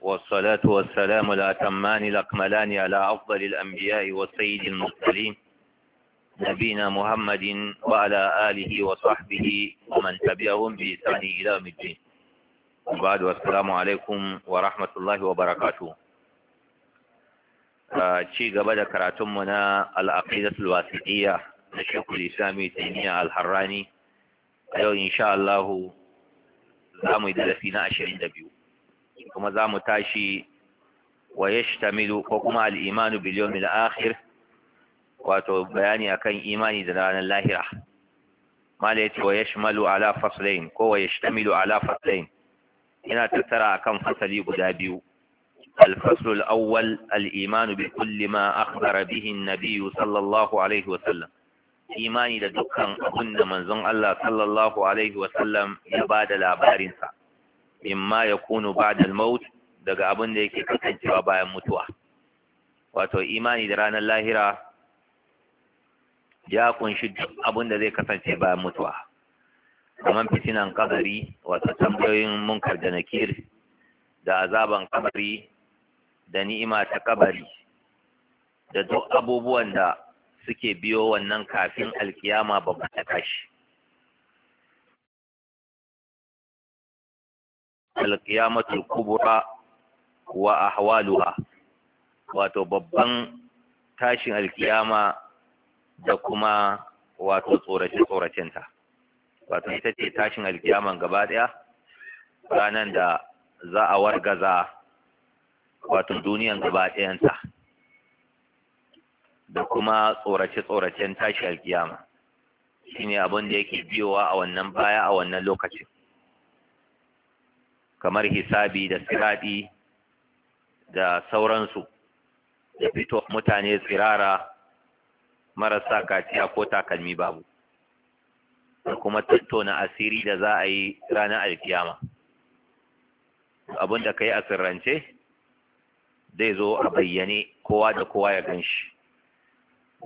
والصلاة والسلام الأتمان الأكملان على أفضل الأنبياء والسيد المرسلين نبينا محمد وعلى آله وصحبه ومن تبعهم بإحسان إلى يوم الدين وبعد والسلام عليكم ورحمة الله وبركاته ci آه، قبل كراتمنا العقيدة na al'aqidatul الإسلامي تيمية الحراني Islami Taymiyyah Al-Harrani a yau insha Allah kuma za mu tashi wa yashtamilu ko kuma al-imanu bil akhir wato bayani akan imani da ranar lahira mala yace wa yashmalu ala faslain ko wa yashtamilu ala faslain yana tattara akan fasali guda biyu الفصل الأول الإيمان بكل ما أخبر به النبي صلى الله عليه وسلم إيماني لدكان أبن من الله صلى الله عليه وسلم يباد الأبارنسا mimma kunu ba da maut daga abin da yake kasancewa bayan mutuwa wato imani da ranar lahira ya kunshi abin da zai kasance bayan mutuwa kamar fitinan kabari wato tambayoyin munkar da nakir da azaban kabari da ni'ima ta kabari da duk abubuwan da suke biyo wannan kafin alkiyama babban ta alƙiyamatul kubura wa ahwaluha wato babban tashin alƙiyama da kuma wato tsorace tsoracenta wato ita ce tashin alƙiyaman gaba ɗaya ranar da za a wargaza wato duniyan gaba ɗayanta da kuma tsorace tsoracen tashin alƙiyama shine abin da yake biyowa a wannan baya a wannan lokacin kamar hisabi da siradi da sauransu da fito mutane tsirara marasa kaciya ko takalmi babu da kuma tattauna asiri da za a yi ranar alkiyama Abinda ka yi a sirrance zai zo a bayyane kowa da kowa ya gan shi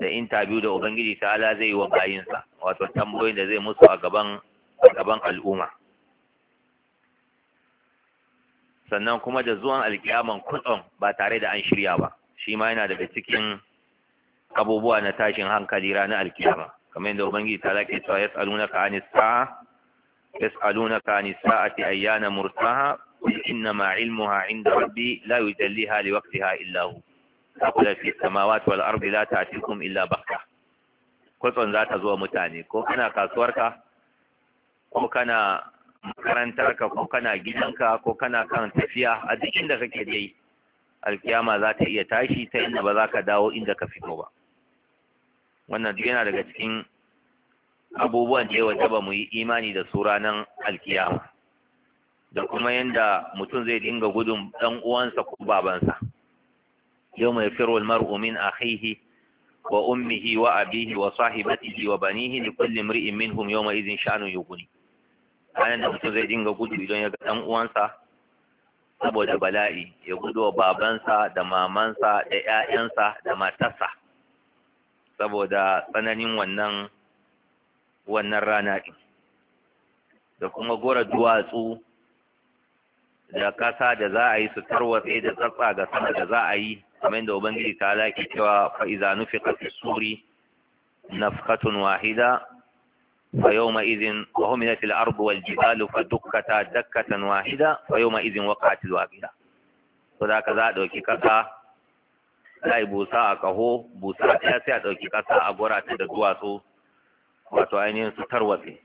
da intabiyu da ubangiji ta'ala zai yi wa bayinsa wato tambayoyin da zai musu a gaban al'umma sannan kuma da zuwan alkiyaman kudin ba tare da an shirya ba shi ma yana daga cikin abubuwa na tashin hankali ranar alkiyama kamar yadda ubangiji ta lake cewa yas'alunaka anis sa'a yas'alunaka anis sa'ati ayyana murtaha. ilmu ha inda mursaha قل إنما علمها عند ربي لا يجليها لوقتها إلا هو ta في السماوات والأرض لا تأتيكم illa baka. kwatsan za ta zuwa mutane ko kana kasuwarka ko kana makarantarka ka ko kana gidanka ko kana kan tafiya a duk da kake dai alkiyama za ta iya tashi ta inda ba za ka dawo inda ka fito ba wannan duk yana daga cikin abubuwan da yawa ba mu yi imani da su ranar alkiyama da kuma yanda mutum zai dinga gudun dan uwansa ko babansa yau mai firwal mar'u min akhihi wa ummihi wa abihi wa sahibatihi wa banihi da kulli imri'in minhum yawma idhin sha'nu yughni a da mutum zai dinga gudu idan ya ga ɗan uwansa saboda bala'i ya gudu wa babansa da mamansa da 'ya'yansa da matarsa saboda tsananin wannan wannan rana ɗin da kuma gora duwatsu da ƙasa da za a yi su tarwatse da tsatsa ga sama da za a yi kamar yadda ubangiji ta alaƙi cewa fa'iza nufi ƙasa suri nafkatun wahida فيومئذ وهملت الأرض والجبال فدكتا دكة واحدة فيومئذ وقعت الواقعة فذاك ذات وكيكتا لا يبوسا أكهو بوسا تاسع وكيكتا أبورا تدقواسو وتعينين ستروتي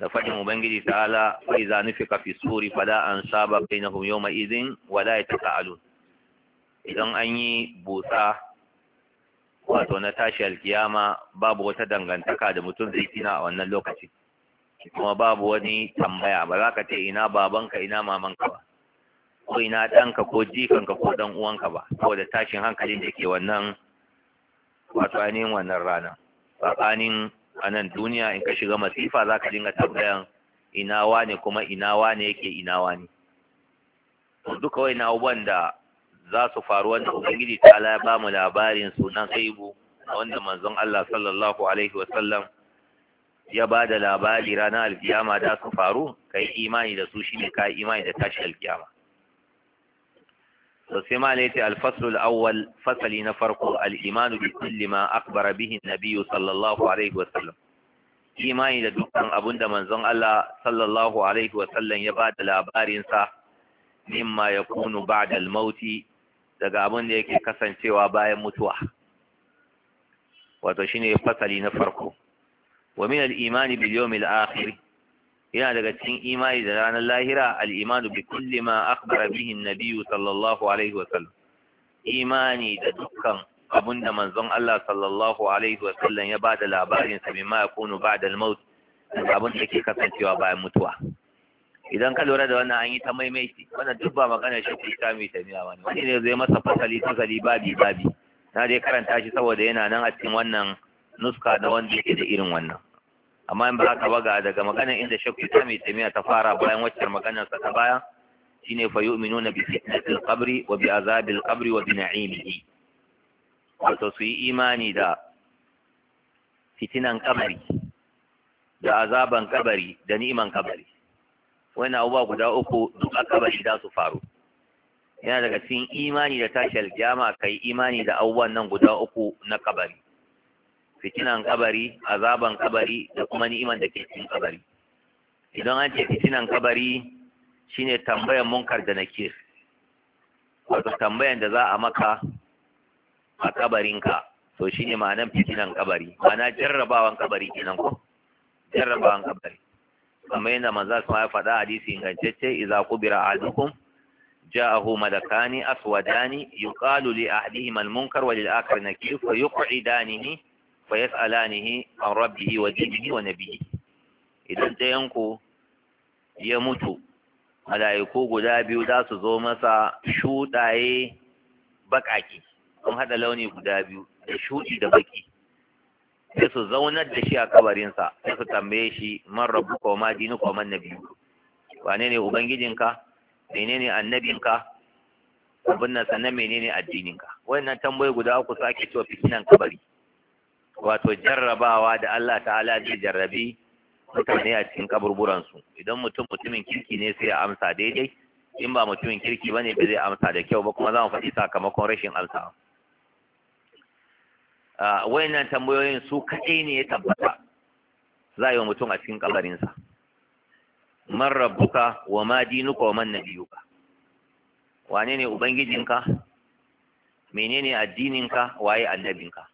لفجم مبنجي تعالى فإذا نفق في السور فلا أنصاب بينهم يومئذ ولا يتساءلون إذن أني بوسا wato na tashi alkiyama babu wata dangantaka da mutum zai tina a wannan lokacin kuma babu wani tambaya ba za ka ce ina babanka ina mamanka ba ko ina ɗanka ko jikanka ko ɗan uwanka ba saboda tashin hankalin da ke wannan wato ainihin wannan rana tsakanin a nan duniya in ka shiga masifa za ka dinga tambayan ina wane kuma ina wane yake ina wane duka wai na wanda za su faru wanda ubangiji ta ala ba mu labarin su na gaibu wanda manzon Allah sallallahu alaihi wa sallam ya ba da labari ranar alkiyama da su faru kai imani da su shine kai imani da tashi alkiyama to sai ma ne al-fasl fasali na farko al-iman bi kulli ma akhbara bihi an sallallahu alaihi wa sallam imani da dukkan abinda manzon Allah sallallahu alaihi wa sallam ya ba da labarin sa mimma yakunu ba'da al-mauti daga abin da yake kasancewa bayan mutuwa wato shine fasali na farko wa min al-imani bil yawmil akhir yana daga cikin imani da ranar lahira al-imanu bi kulli ma akhbara bihi an-nabiy sallallahu alaihi wa sallam imani da dukkan abin da manzon Allah sallallahu alaihi wa sallam ya bada labarin sa bima yakunu ba'da al-maut abin da yake kasancewa bayan mutuwa idan ka lura da wannan an yi ta maimaiti wannan duk ba magana shi ku ta mai tamiya wani wani ne zai masa fasali fasali babi babi na dai karanta shi saboda yana nan a cikin wannan nuska na wanda yake da irin wannan amma in ba haka ba ga daga maganar inda shakku ta mai tamiya ta fara bayan waccan maganar sa ta baya shine fa yu'minuna bi fitnatil qabri wa bi azabil qabri wa bi na'imihi wato su yi imani da fitinan kabari da azaban kabari da ni'iman kabari Wani abubuwa guda uku duk akabari za su faru yana daga cikin imani da tashi aljama kai imani da abubuwan nan guda uku na kabari fitinan kabari azaban kabari da kuma ni'iman da ke cikin kabari idan an ce fitinan kabari shine tambayan munkar da nakir wato tambayan da za a maka a kabarinka to shine ma'anan fitinan kabari ma'ana jarrabawan kabari kenan ko jarrabawan kabari kamar yadda manzo kuma ya faɗa hadisi ingantacce idza qubira ahadukum ja'ahu malakani aswadani yuqalu li ahadihima al-munkar wa lil akhar nakir fa yuq'idanihi fa yas'alanihi an rabbihi wa dinihi wa nabiyyi idan ta yanku ya mutu mala'iku guda biyu za su zo masa shuɗaye baƙaƙe sun haɗa launi guda biyu da shuɗi da baƙi sai su zaunar da shi a kabarinsa sai su tambaye shi man rabu ko ma dinu ko man nabi wane ne ubangijinka menene annabinka abin nan sannan menene addininka wannan tambayi guda uku sake cewa fitinan kabari wato jarrabawa da Allah ta'ala zai jarrabi mutane a cikin kaburburansu idan mutum mutumin kirki ne sai ya amsa daidai in ba mutumin kirki ne ba zai amsa da kyau ba kuma za mu faɗi sakamakon rashin amsa wayannan tambayoyin su kaɗai ne ya tabbata za yi wa mutum a cikin ƙabarinsa man rabbuka wa ma dinuka wa man nabiyuka wane ne ubangijinka menene addininka waye annabinka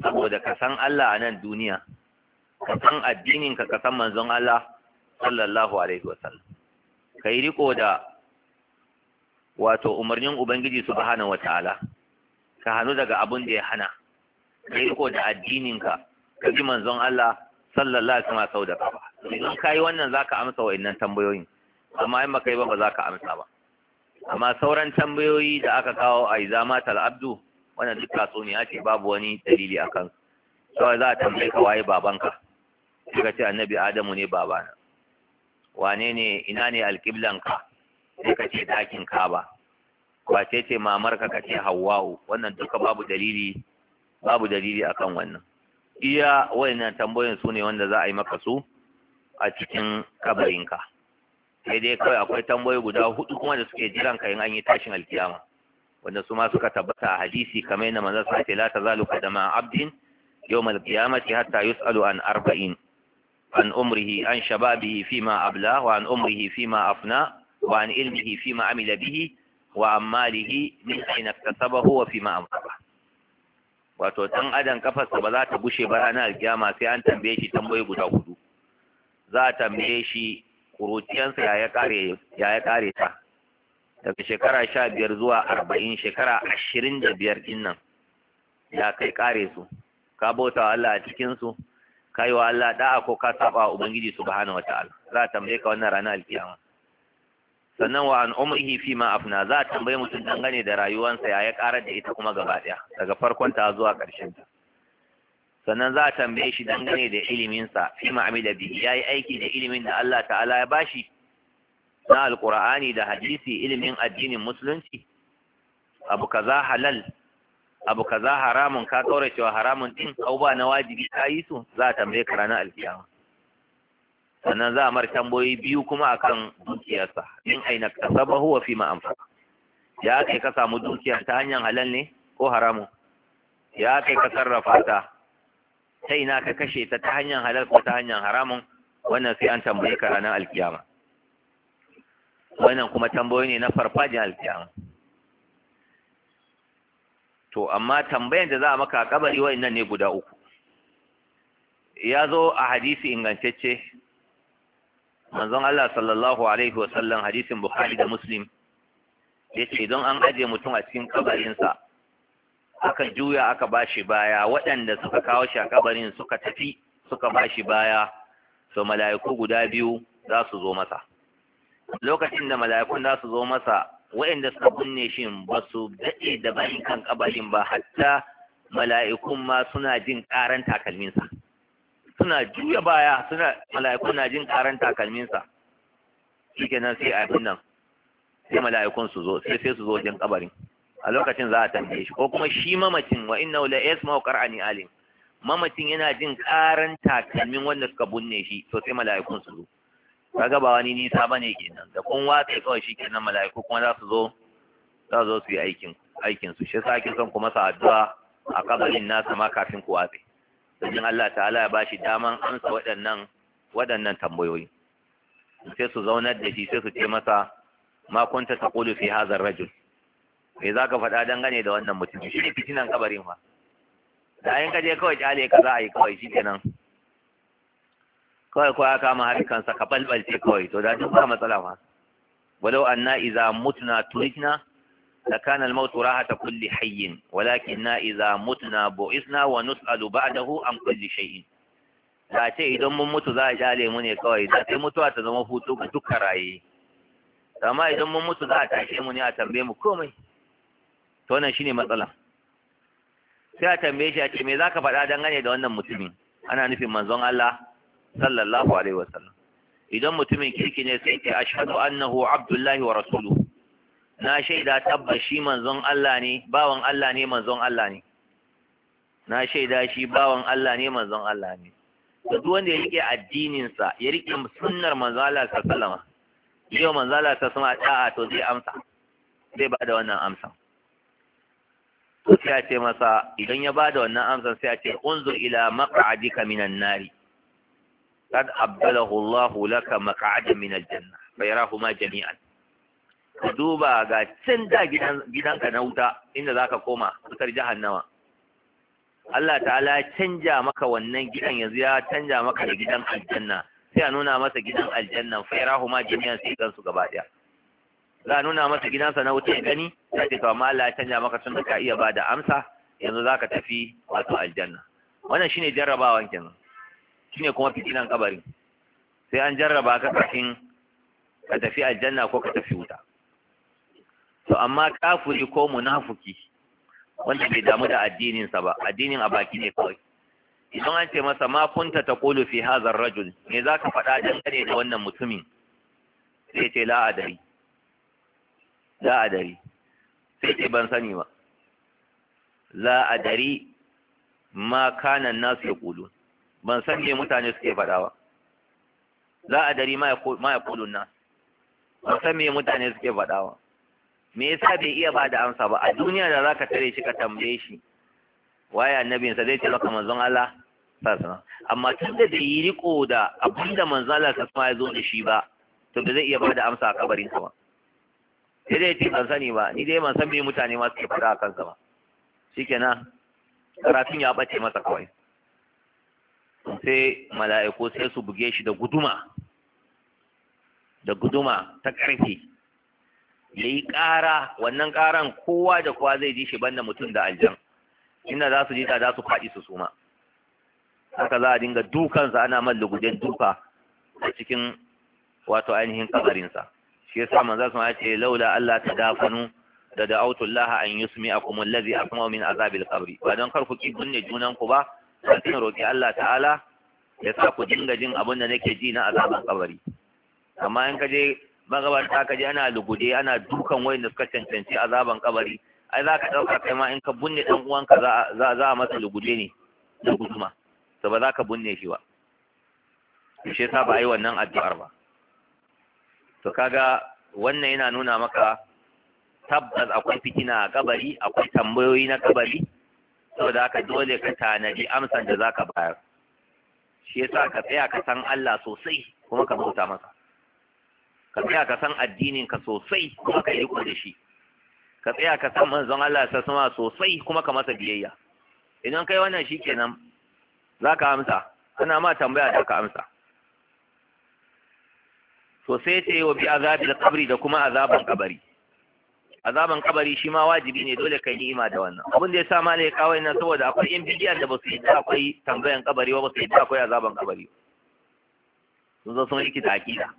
saboda ka san Allah a nan duniya ka san addininka ka san manzon Allah sallallahu alaihi Ka kai riko da wato umarnin ubangiji subhanahu ta'ala ka hanu daga abun da ya hana ka yi riko da addininka ka ji manzon Allah sallallahu alaihi wasallam sau da kafa idan ka yi wannan zaka amsa wa'annan tambayoyin amma in baka yi ba ba za ka amsa ba amma sauran tambayoyi da aka kawo a izamatul talabdu wannan duk tatsuniya ce babu wani dalili a kan kawai za a tambaye ka waye babanka Kika ce annabi adamu ne babana wane ne ina ne alƙiblanka sai ka ce ɗakin kaba wace ce mamarka ka ce hawwa'u wannan duka babu dalili babu dalili akan wannan iya wayannan tambayoyin su ne wanda za a yi maka su a cikin kabarinka sai dai kawai akwai tambayoyi guda hudu kuma da suke jiran ka in an yi tashin alkiyama wanda su ma suka tabbata a hadisi kamar yadda manzon sa ce la tazalu qadama abdin yawmal qiyamati hatta yus'alu an arba'in an umrihi an shababihi fima abla wa an umrihi fima afna wa an ilmihi fima amila bihi wa an malihi min aina iktasabahu wa fima anfaqa wato dan adam kafarsa ba za ta bushe ba ranar alkiyama sai an tambaye shi tambayi guda hudu za a tambaye shi kuruciyansa ya kare ya ya kare ta daga shekara sha biyar zuwa arba'in shekara ashirin da biyar dinnan nan ya kai kare su ka bauta wa Allah a cikin su ka yi wa Allah da'a ko ka saba wa Ubangiji subhanahu wa ta'ala za a tambaye ka wannan ranar alkiyama sannan wa an umrihi fi ma afna za a tambaye mutum dangane da rayuwansa ya ya karar da ita kuma gaba daya daga farkon ta zuwa karshen ta sannan za a tambaye shi dangane da iliminsa fi ma amila ya yayi aiki da ilimin da Allah ta'ala ya bashi na alqur'ani da hadisi ilimin addinin musulunci abu kaza halal abu kaza haramun ka cewa haramun ɗin? au ba na wajibi ka yi su za a tambaye ka ranar alkiyama sannan za a mar tamboyi biyu kuma akan dukiyarsa in aina kasaba huwa fi ma anfaqa ya kai ka samu dukiya ta hanyar halal ne ko haramun ya kai ka sarrafa ta ta ina ka kashe ta ta hanyar halal ko ta hanyar haramun wannan sai an tambaye ka ranar alkiyama wannan kuma tambayoyi ne na farfajin alkiyama to amma tambayan da za a maka a kabari wa'annan ne guda uku ya zo a hadisi ingantacce manzon Allah sallallahu alaihi wa sallam hadisin Bukhari da Muslim yace idan an aje mutum a cikin kabarinsa aka juya aka bashi baya waɗanda suka kawo shi a kabarin suka tafi suka bashi baya so mala'iku guda biyu za su zo masa lokacin da mala'ikun za su zo masa waɗanda suka binne shi ba su daɗe da bayan kan kabarin ba hatta mala'ikun ma suna jin ƙaran takalminsa suna juya baya suna mala'iku na jin karan takalminsa shikenan sai abin nan sai mala'ikun su zo sai sai su zo jin kabarin a lokacin za a tambaye shi ko kuma shi mamacin wa inna la wa qarani alim mamacin yana jin karan takalmin wanda suka bunne shi to sai mala'ikun su zo kaga ba wani nisa bane kenan da kun watsa kawai shi kenan mala'iku kuma za su zo za su zo su yi aikin aikin su shi sa ake son kuma sa addu'a a kabarin nasa ma kafin ku watsa domin Allah ta'ala ya shi daman amsa waɗannan waɗannan tambayoyi sai su zaunar da shi sai su ce masa ma kunta taqulu fi hadha ar-rajul me zaka faɗa dangane da wannan mutum shi ne fitinan kabarin fa da ayin kaje kawai kyale ka za a yi kawai shi kenan kawai ko ya kama sa ka balbalce kawai to da duk ba matsala fa walau anna idza mutna turikna لكان الموت راحة كل حي ولكننا إذا متنا بعثنا ونسأل بعده عن كل شيء da ce idan mun mutu za a shale mu ne kawai da sai mutuwa ta zama hutu ga duka raye amma idan mun mutu za a tashe mu ne a tambaye mu komai to wannan shine matsala sai a tambaye shi a ce me zaka faɗa dangane da wannan mutumin ana nufin manzon Allah sallallahu alaihi wasallam idan mutumin kirki ne sai ce ashhadu annahu abdullahi wa rasuluhu na shaida tabbas shi manzon Allah ne bawan Allah ne manzon Allah ne na shaida shi bawan Allah ne manzon Allah ne to duk wanda ya rike addinin sa ya rike sunnar manzon Allah sallallahu alaihi wasallam yau manzon Allah sallallahu alaihi wasallam to zai amsa zai bada wannan amsa to sai a ce masa idan ya bada wannan amsa sai a ce unzur ila maq'adika minan nari qad abdalahu Allahu laka maq'adan minal janna fa ma jami'an ka duba ga can da gidanka na wuta inda za ka koma wutar jahannama Allah ta'ala ya canja maka wannan gidan yanzu ya canja maka da gidan aljanna sai a nuna masa gidan aljanna fai rahu ma jami'an sai gan su gaba ɗaya za a nuna masa gidansa na wuta ya gani ya ce to amma Allah ya canja maka tun da ka iya bada amsa yanzu zaka tafi wato aljanna wannan shine jarrabawan kenan shine kuma fitinan kabarin sai an jarraba ka kafin ka tafi aljanna ko ka tafi wuta to amma kafuri ko munafuki wanda bai damu da addininsa ba addinin a baki ne kawai idan an ce masa ma kunta kulu fi hazar rajul me ka faɗa dangane da wannan mutumin sai ce la'adari la'adari sai ce ban sani ba la'adari ma kanan nasu ya kulu ban san me mutane suke faɗa ba la adari ma ya kulu na ban san me mutane suke faɗa ba me yasa bai iya ba da amsa ba a duniya da zaka tare shi ka tambaye shi waye annabin sa zai ce maka manzon Allah sasa amma tun da bai yi riko da abinda manzon Allah sallallahu ya zo da shi ba to ba zai iya ba da amsa a kabarin sa ba sai dai ce ban sani ba ni dai ban san me mutane ma suke faɗa a sa ba shikenan karatun ya bace masa kawai sai mala'iku sai su buge shi da guduma da guduma ta karfi ya yi ƙara wannan ƙaran kowa da kowa zai ji shi banda mutum da aljan inda za su ji ta za su faɗi su suma haka za a dinga dukansa ana man gudan duka a cikin wato ainihin kabarinsa shi yasa su ma ce laula Allah ta dafanu da da'autullaha an yusmi akum allazi asma'u min azabil qabri ba don kar ku ki bunne junan ku ba sai roki Allah ta'ala ya sa ku dinga jin abin da nake ji na azabin kabari amma in ka je magabata ka je ana lugude ana dukan wayanda suka cancanci azaban kabari ai za ka ɗauka kai ma in ka bunne ɗan uwanka za a masa lugude ne da guduma to ba za ka bunne shi ba shi yasa ba a yi wannan addu'ar ba to kaga wannan yana nuna maka tabbas akwai fitina a kabari akwai tambayoyi na kabari saboda haka dole ka tanadi amsan da zaka bayar shi yasa ka tsaya ka san Allah sosai kuma ka bauta masa ka tsaya ka san addinin ka sosai kuma ka riko da shi ka tsaya ka san manzon Allah ta sama sosai kuma ka masa biyayya idan kai wannan shikenan za ka amsa ana ma tambaya da ka amsa to sai ta yi wa bi da kabri da kuma azaban kabari azaban kabari shi ma wajibi ne dole kai ni'ima da wannan abin da ya sa ma ne kawo ina saboda akwai yan bigiyar da basu yi akwai tambayan kabari ba basu yi akwai azaban kabari sun zo sun a akida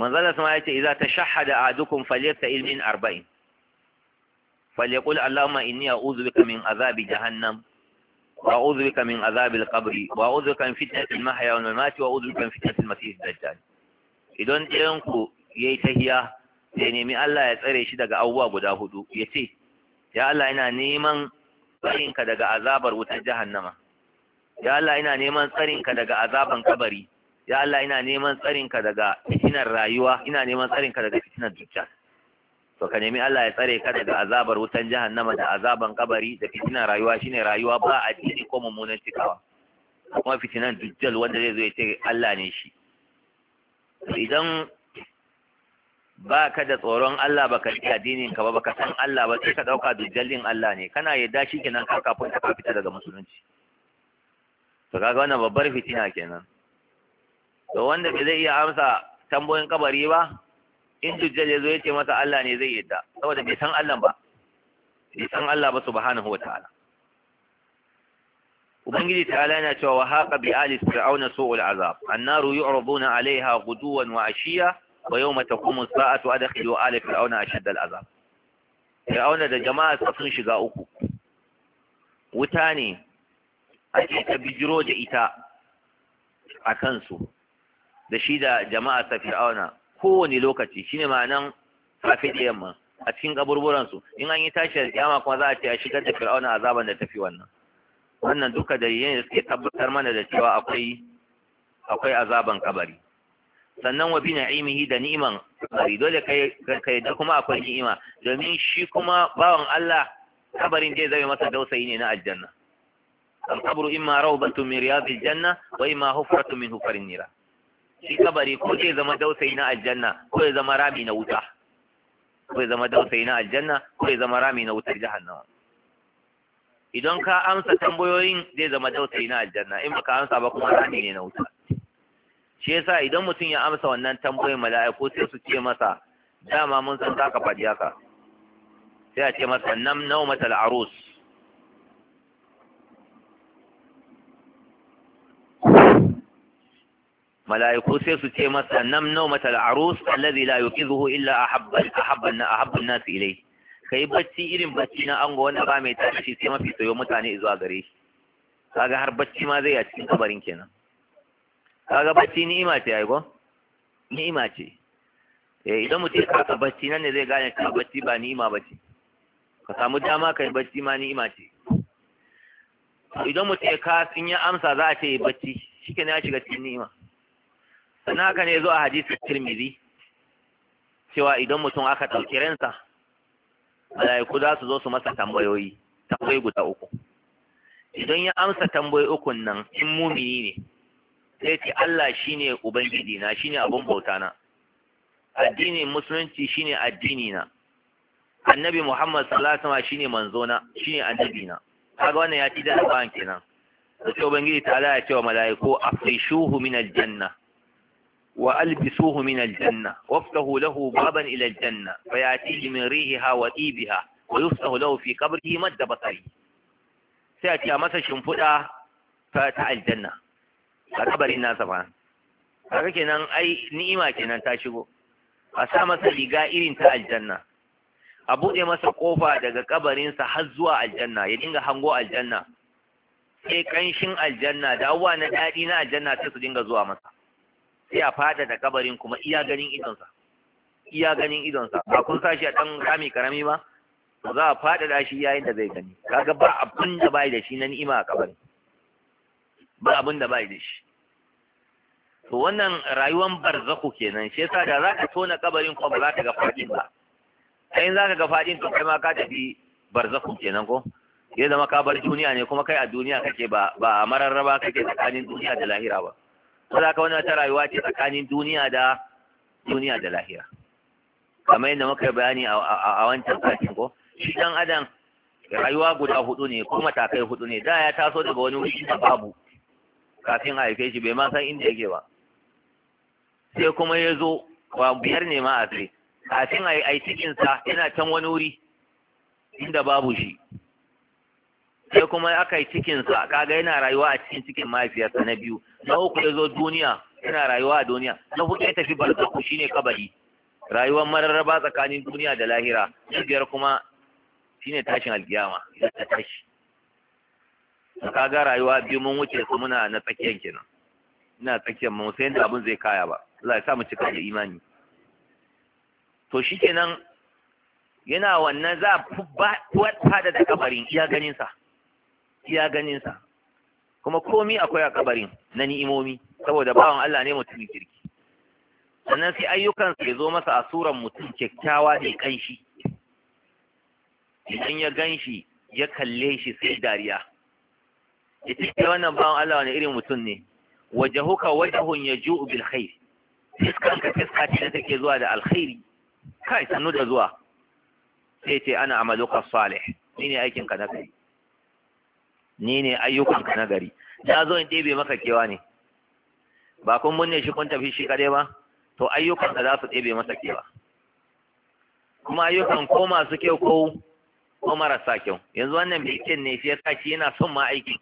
manzala sama ya ce idza tashahhada ahadukum falyasta'il ilmin arba'in falyaqul allama inni a'udhu bika min azabi jahannam wa بك من عذاب القبر وأعوذ بك من فتنة المحيا والممات وأعوذ بك من فتنة المسيح الدجال idan ɗayanku ya yi tahiya ya nemi Allah ya tsare shi daga abubuwa guda hudu ya ce ya Allah ina neman tsarinka daga azabar wutar jahannama ya Allah ina neman tsarinka daga azaban kabari ya Allah ina neman tsarinka daga fitinar rayuwa ina neman tsarin ka daga fitinar dukkan to ka nemi Allah ya tsare ka daga azabar wutan jahannama da azaban kabari da fitinar rayuwa shine rayuwa ba addini ko mummunan cikawa kuma fitinan dujjal wanda zai zo ya ce Allah ne shi idan ba ka da tsoron Allah ba ka ji addinin ka ba ba ka san Allah ba sai ka ɗauka dujjalin Allah ne kana yadda shi kenan ka kafin ka fita daga musulunci to kaga wannan babbar fitina kenan to wanda bai zai iya amsa tambayoyin kabari ba in dujjal ya zo ya ce masa Allah ne zai yadda saboda bai san Allah ba bai san Allah ba subhanahu wataala ubangiji ta'ala yana cewa wa haqa bi ali fir'auna su'ul azab annaru yu'raduna 'alayha ghuduwan wa 'ashiya wa yawma taqumu as-sa'atu adkhilu ala fir'auna ashadd al-azab fir'auna da jama'a sun shiga uku wuta ne ake ta bijiro da ita a kansu da shi da jama'a ta fir'auna kowane lokaci shine ma'anan safe da yamma a cikin gaburburansu, in an yi tashi da kiyama kuma za a ce a shigar da fir'auna azaban da tafi wannan wannan duka da da suke tabbatar mana da cewa akwai akwai azaban kabari sannan wa bi na'imihi da ni'iman kabari dole kai kai da kuma akwai ni'ima domin shi kuma bawan Allah kabarin zai masa dausayi ne na aljanna al-qabru imma rawbatun min riyadil janna wa imma hufratun min hufarin nira shi kabari ko zai zama dausayi na aljanna ko ya zama rami na wuta ko ya zama dausayi na aljanna ko ya zama rami na wutar jahannama idan ka amsa tambayoyin zai zama dausayi na aljanna in baka amsa ba kuma rami ne na wuta shi yasa idan mutum ya amsa wannan tambayoyin mala'iku sai su ce masa dama mun san zaka faɗi haka sai a ce masa nam naumatal arus mala'iku sai su ce masa nam mata arus allazi la zuhu illa ahabba ahabba ahabba an-nas ilayhi kai bacci irin bacci na ango wanda ba mai tashi sai mafi tsayo mutane zuwa gare shi kaga har bacci ma zai a cikin kabarin kenan kaga bacci ni'ima ce ai ko ni'ima ce eh idan mutum ka ka bacci nan ne zai gane ka bacci ba ni'ima bace ka samu dama kai bacci ma ni'ima ce idan mutum ka sun ya amsa za a ce bacci shikenan ya shiga cikin ni'ima sannan haka ne zo a hadisi tirmidhi cewa idan mutum aka ɗauki ransa mala'iku za su zo su masa tambayoyi tambayi guda uku idan ya amsa tambayi ukun nan in mumini ne sai ce Allah shine ubangiji na shine abun bauta na addinin musulunci shine addini na annabi Muhammad sallallahu alaihi wasallam shine manzo na shine annabi na kaga wannan ya ci da ban kenan sai ubangiji ta Allah ya ce wa mala'iku afrishuhu min aljanna وألبسوه من الجنة وافتحوا له بابا إلى الجنة فيأتيه من ريحها وطيبها ويفتح له في قبره مد بصره سيأتي مسا شنفدا فتاع الجنة قبر الناس فان haka kenan ai ni'ima kenan ta shigo a sa masa riga irin ta aljanna a buɗe masa kofa daga kabarinsa har zuwa aljanna ya dinga hango aljanna sai kanshin aljanna da abubuwa na daɗi na aljanna sai su dinga zuwa masa sai a fada da kabarin kuma iya ganin idonsa iya ganin idonsa ba kun sa shi a ɗan rami karami ba to za a fada da shi yayin da zai gani kaga ba abin da bai da shi na ni'ima a kabarin ba abin da bai da shi to wannan rayuwar barzaku kenan shi yasa da za ka tona kabarin kuma ba za ka ga fadin ba sai za ka ga fadin to kai ma ka tafi barzaku kenan ko ya zama ka bar duniya ne kuma kai a duniya kake ba ba a mararraba kake tsakanin duniya da lahira ba saboda ka wani ta rayuwa ce tsakanin duniya da duniya da lahira kamar yadda muka bayani a wancan satin ko shi dan adam rayuwa guda hudu ne ko matakai hudu ne da ya taso daga wani wuri da babu kafin a haife shi bai ma san inda yake ba sai kuma ya zo wa biyar ne ma a sai kafin a yi cikinsa yana can wani wuri inda babu shi sai kuma aka yi cikinsa kaga yana rayuwa a cikin cikin mahaifiyarsa na biyu na uku ya zo duniya yana rayuwa a duniya na huɗu ya tafi barzaku shine kabari rayuwar mararraba tsakanin duniya da lahira na biyar kuma shine tashin alkiyama idan ta tashi ka ga rayuwa biyu mun wuce su muna na tsakiyar kenan ina tsakiyar mu sai da abin zai kaya ba Allah ya sa mu cika da imani to shikenan yana wannan za fada da kabarin iya ganin sa iya ganin sa kuma komi akwai a kabarin na ni'imomi saboda bawan Allah ne mutumin kirki sannan sai ayyukan ya zo masa a suran mutum kyakkyawa da kanshi idan ya ganshi ya kalle shi sai dariya ya ce wannan bawan Allah wani irin mutum ne wajahuka wajahun yaju'u bil khair fiskar ka fiska ce da take zuwa da alkhairi kai sannu da zuwa sai ce ana amaluka salih ni ne aikin ka na kai ni ne ayyukanka na gari na zo in ɗebe maka kewa ne ba kun munne shi kun tafi shi kadai ba to ka za su ɗebe masa kewa kuma ayyukan ko masu kyau ko ko marasa kyau yanzu wannan bikin ne shi ya sa shi yana son ma aikin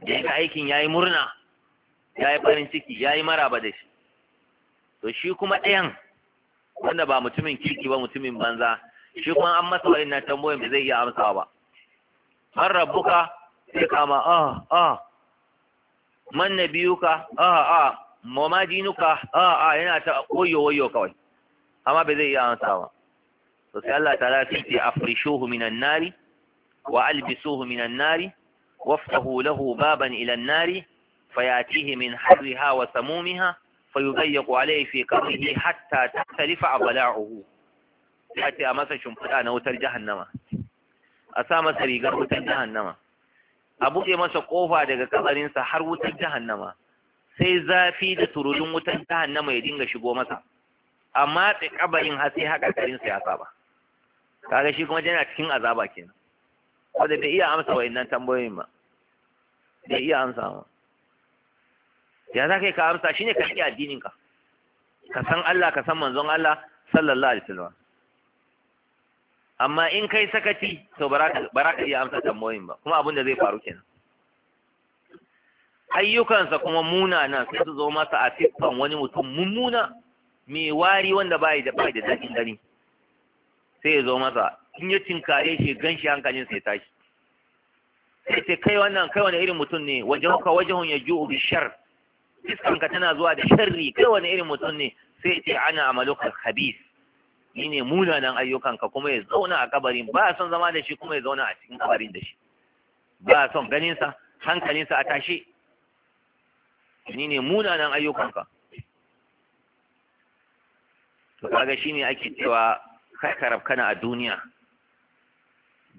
da ya aikin ya yi murna ya yi farin ciki ya yi maraba da shi to shi kuma ɗayan wanda ba mutumin kirki ba mutumin banza shi kuma an masa wa'in na tambayoyin da zai iya amsawa ba man ka. sai kama ah ah man nabiyuka ah ah ma ma dinuka ah ah yana ta koyo wayo kawai amma bai zai iya amsawa to sai Allah ta ya ce afrishuhu minan nari wa albisuhu minan nari waftahu lahu baban ila an-nari fayatihi min harriha wa samumiha fayudayyaqu alayhi fi qabrihi hatta taktalifa abla'uhu ya ce a masa shimfiɗa na wutar jahannama a sa masa rigar wutar jahannama a buɗe masa ƙofa daga kabarinsa har wutar jahannama sai zafi da turulun wutar jahannama ya dinga shigo masa amma tsaye kabarin har sai karinsa ya saba kaga shi kuma yana cikin azaba kenan wanda bai iya amsa wa innan tambayoyin ba bai iya amsa ba ya za ka yi ka amsa ne ka riƙe addininka ka san Allah ka san manzon Allah sallallahu alaihi wasallam amma in kai sakaci to ba za ka iya amsa tambayoyin ba kuma abin da zai faru kenan ayyukansa kuma Muna na, sai su zo masa a siffan wani mutum mummuna mai wari wanda ba da ba da daɗin gani sai ya zo masa in ya tinkare shi gan shi hankalin sai tashi sai ce kai wannan kai wani irin mutum ne wajen ka wajen ya ju'u bi shar fiskanka tana zuwa da sharri kai wani irin mutum ne sai ce ana amaluka habis shi ne munanan ayyukanka kuma ya zauna a kabarin ba son zama da shi kuma ya zauna a cikin kabarin da shi ba son ganinsa hankalinsa a tashe shi ne munanan ayyukanka to kaga shi ne ake cewa kai karafkana a duniya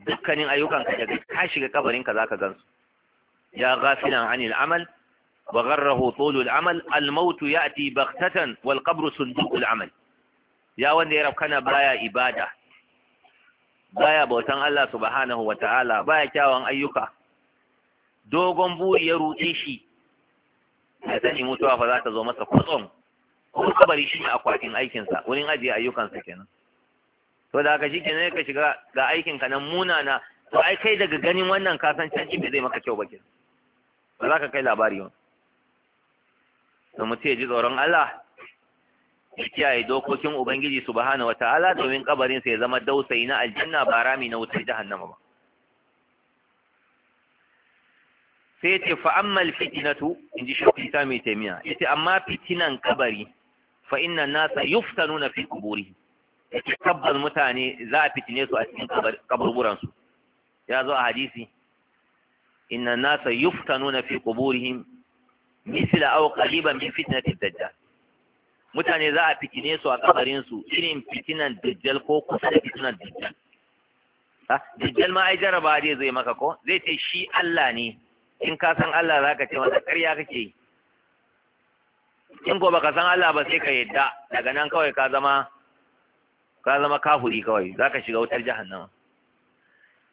dukkanin ayyukanka daga ka shiga kabarinka za ka gansu ya gafilan anil amal al طول العمل الموت يأتي بغتة والقبر صندوق العمل ya wanda ya rafkana baya ibada baya bautan Allah subhanahu wa ta'ala baya kyawun ayyuka dogon buri ya ruɗe shi ya sani mutuwa fa za ta zo masa kwatsam ko kabari shi ne akwatin aikinsa wurin ajiye ayyukansa kenan to da haka shikenan ka shiga ga aikin ka nan munana to ai kai daga ganin wannan ka san canji bai zai maka kyau ba kenan ba za ka kai labari ba to mutum ya ji tsoron Allah ya kiyaye dokokin ubangiji subhanahu wataala domin kabarin sa ya zama dausayi na aljanna ba rami na wutar jahannama ba sai ce fa ammal fitinatu in ji shafi ta mai taimiya yace amma fitinan kabari fa inna nasa yuftanuna fi quburi yace tabbas mutane za a fitine su a cikin kaburburan su ya zo a hadisi inna nasa yuftanuna fi quburihim misla aw qaliban min fitnati dajjal mutane za a fitine su a kabarin su irin fitinan dajjal ko kusa da fitinan dajjal ha dajjal ma ai jaraba dai zai maka ko zai ce shi Allah ne in ka san Allah zaka ce masa ƙarya kake in ko baka san Allah ba sai ka yadda daga nan kawai ka zama ka zama kafuri kawai zaka shiga wutar jahannama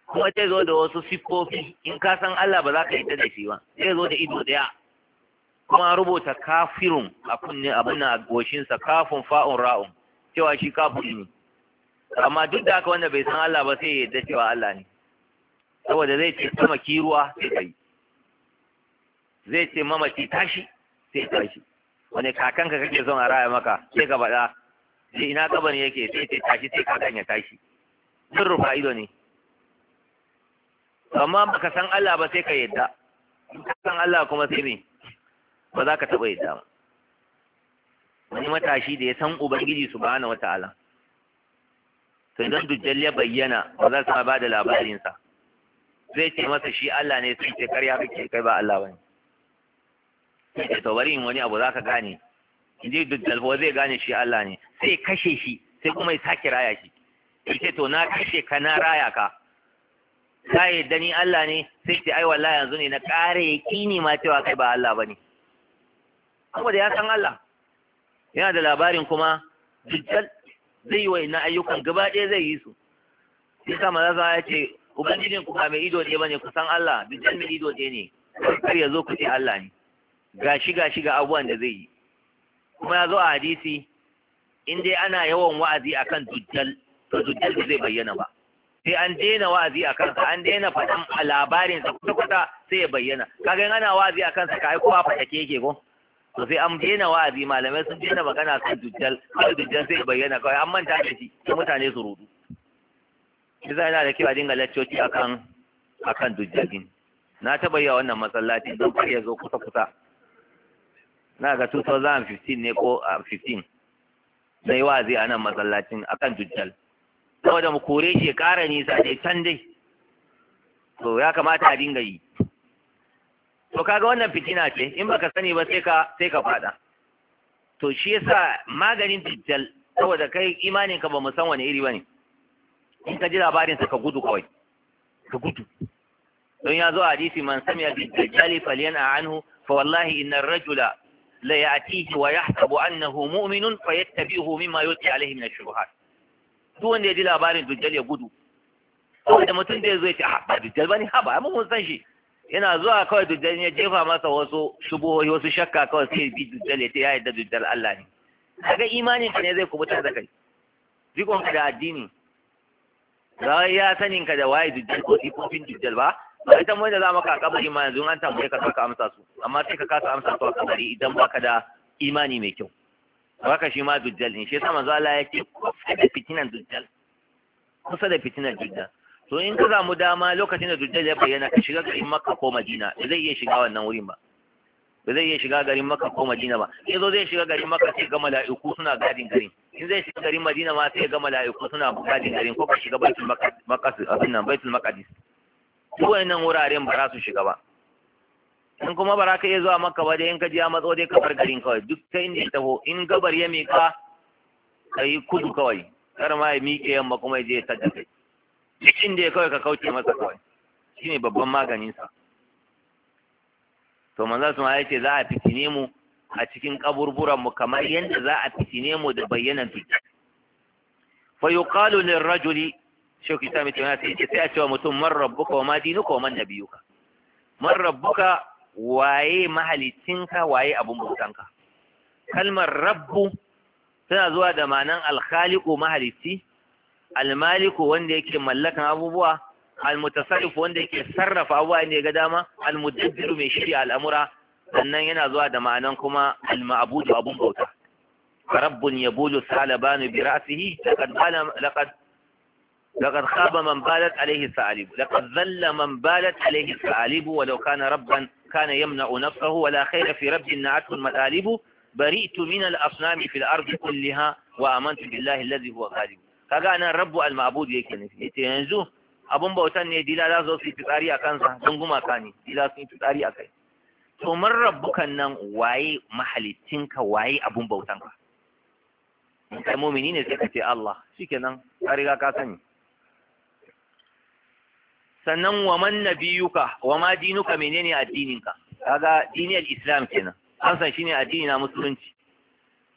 kuma zai zo da wasu sifofi in ka san Allah ba za ka yadda da shi ba zai zo da ido daya kuma rubuta kafirun a kunne abin a goshinsa kafin fa'un ra'un cewa shi kafin ne amma duk da haka wanda bai san Allah ba sai ya yadda cewa Allah ne saboda zai ce sama kiruwa sai yi. zai ce mamaci tashi sai tashi wani kakanka kake son a raya maka sai ka faɗa sai ina gaban yake sai ce tashi sai kakan ya tashi sun rufa ido ne amma baka san Allah ba sai ka yadda san Allah kuma sai me ba za ka taɓa yi ba wani matashi da ya san ubangiji su ba na wata ala to idan dujjal ya bayyana ba za su ba da labarinsa zai ce masa shi Allah ne sun ce karya kake kai ba Allah bane sai ce to bari in wani abu za ka gane inji dujjal ba zai gane shi Allah ne sai kashe shi sai kuma ya sake raya shi sai ce to na kashe ka na raya ka Ta yadda ni Allah ne sai ce ai wallahi yanzu ne na ya kini ma cewa kai ba Allah bane saboda ya san Allah yana da labarin kuma dujjal zai yi wa ayyukan gaba ɗaya zai yi su sai sa maza ya ce ubangijin ku ba mai ido ɗaya bane ku san Allah dujjal mai ido ɗaya ne kar ya zo ku ce Allah ne gashi gashi ga abubuwan da zai yi kuma ya zo a hadisi in dai ana yawan wa'azi akan dujjal to dujjal zai bayyana ba sai an daina wa'azi a kansa an daina faɗin labarinsa kusa-kusa sai ya bayyana kaga in ana wa'azi a kansa ka aiko ba faɗake yake ko to sai an daina wa'azi malamai sun daina magana kan dujjal kawai dujjal sai bayyana kawai an manta da shi sai mutane su rudu shi zai yana da kyau a dinga laccoci akan akan dujjalin na taɓa yi a wannan masallaci don kai ya zo kusa kusa na ga 2015 ne ko 15 na yi wa'azi a nan masallacin akan dujjal saboda mu kore shi ya ƙara nisa dai can dai to ya kamata a dinga yi to kaga wannan fitina ce in baka sani ba sai ka sai ka fada to shi yasa maganin dijjal saboda kai imanin ka ba mu san wani iri bane in ka ji labarin sa ka gudu kawai ka gudu don ya zo a hadisi man sami sami'a dajjali a anhu fa wallahi inna ar-rajula la ya'tihi wa yahsabu annahu mu'minun yattabi'uhu mimma yulqi alayhi min ash-shubuhat duk wanda ya ji labarin dajjal ya gudu saboda mutum da ya zo ya ce ha ah, ba dajjal bane ha ba mun san shi yana zuwa kawai dujjal ya jefa masa wasu shubuhohi wasu shakka kawai sai bi dujjal ya ce ya yadda dujjal Allah ne kaga imanin ka ne zai kubuta da kai rikon ka da addini ba ya sanin ka da waye dujjal ko sifofin dujjal ba ba ita mai da za mu ka kaba imanin zuwa an tambaye ka ka amsa su amma sai ka kasa amsa su a kabari idan baka da imani mai kyau ka shi ma dujjal ne shi yasa manzo Allah yake kusa da fitinan dujjal kusa da fitinan dujjal to in ka samu dama lokacin da dujjal ya bayyana ka shiga garin makka ko madina ba zai iya shiga wannan wurin ba ba zai iya shiga garin makka ko madina ba in zo zai shiga garin makka sai ga mala'iku suna gadin garin in zai shiga garin madina ma sai ga mala'iku suna gadin garin ko ka shiga baitul maqdis abin nan baitul maqdis duk nan wuraren ba za su shiga ba in kuma ba za ka iya zuwa makka ba dai in ka ji ya matso dai kafar garin kawai duk ta inda ya taho in gabar ya miƙa ka yi kudu kawai kar ma ya miƙe yamma kuma ya je ya tadda kai duk inda ya kawai ka kauce masa kawai shine babban maganinsa to manzo su ma ce za a fitine mu a cikin kaburburan mu kamar yadda za a fitine mu da bayyanan fitina fa yuqalu rajuli shauki ta mai tana sai sai a cewa mutum man rabbuka wa ma dinuka wa man nabiyuka man rabbuka waye mahalicinka waye abun bautanka kalmar rabbu tana zuwa da ma'anan alkhaliqu mahalicci almaliku wanda yake mallakan abubuwa almutasarrif wanda yake sarrafa abubuwa ne ga dama almudabbiru mai shirya al'amura sannan yana zuwa da ma'anan kuma alma'budu abun bauta rabbun yabulu salabanu bi ra'sihi laqad bala laqad laqad khaba man balat alayhi salib laqad dhalla man balat alayhi salib walau kana rabban kana yamna'u nafsahu wala khayra fi rabbin na'atu al-matalib bari'tu min al-asnami fi al-ardi kullaha wa amantu huwa ghalib kaga nan rabbu al-ma'bud yake nufi yace yanzu abun bautan ne dila za su fi tsari a kansa don ka ne dila sun fi tsari a kai to mun rabbukan nan waye mahalittinka waye abun bautan? in kai mumini ne sai ka ce Allah shikenan ka riga ka sani sannan wa man nabiyuka wa ma dinuka menene addininka kaga al islam kenan an san shine addini na musulunci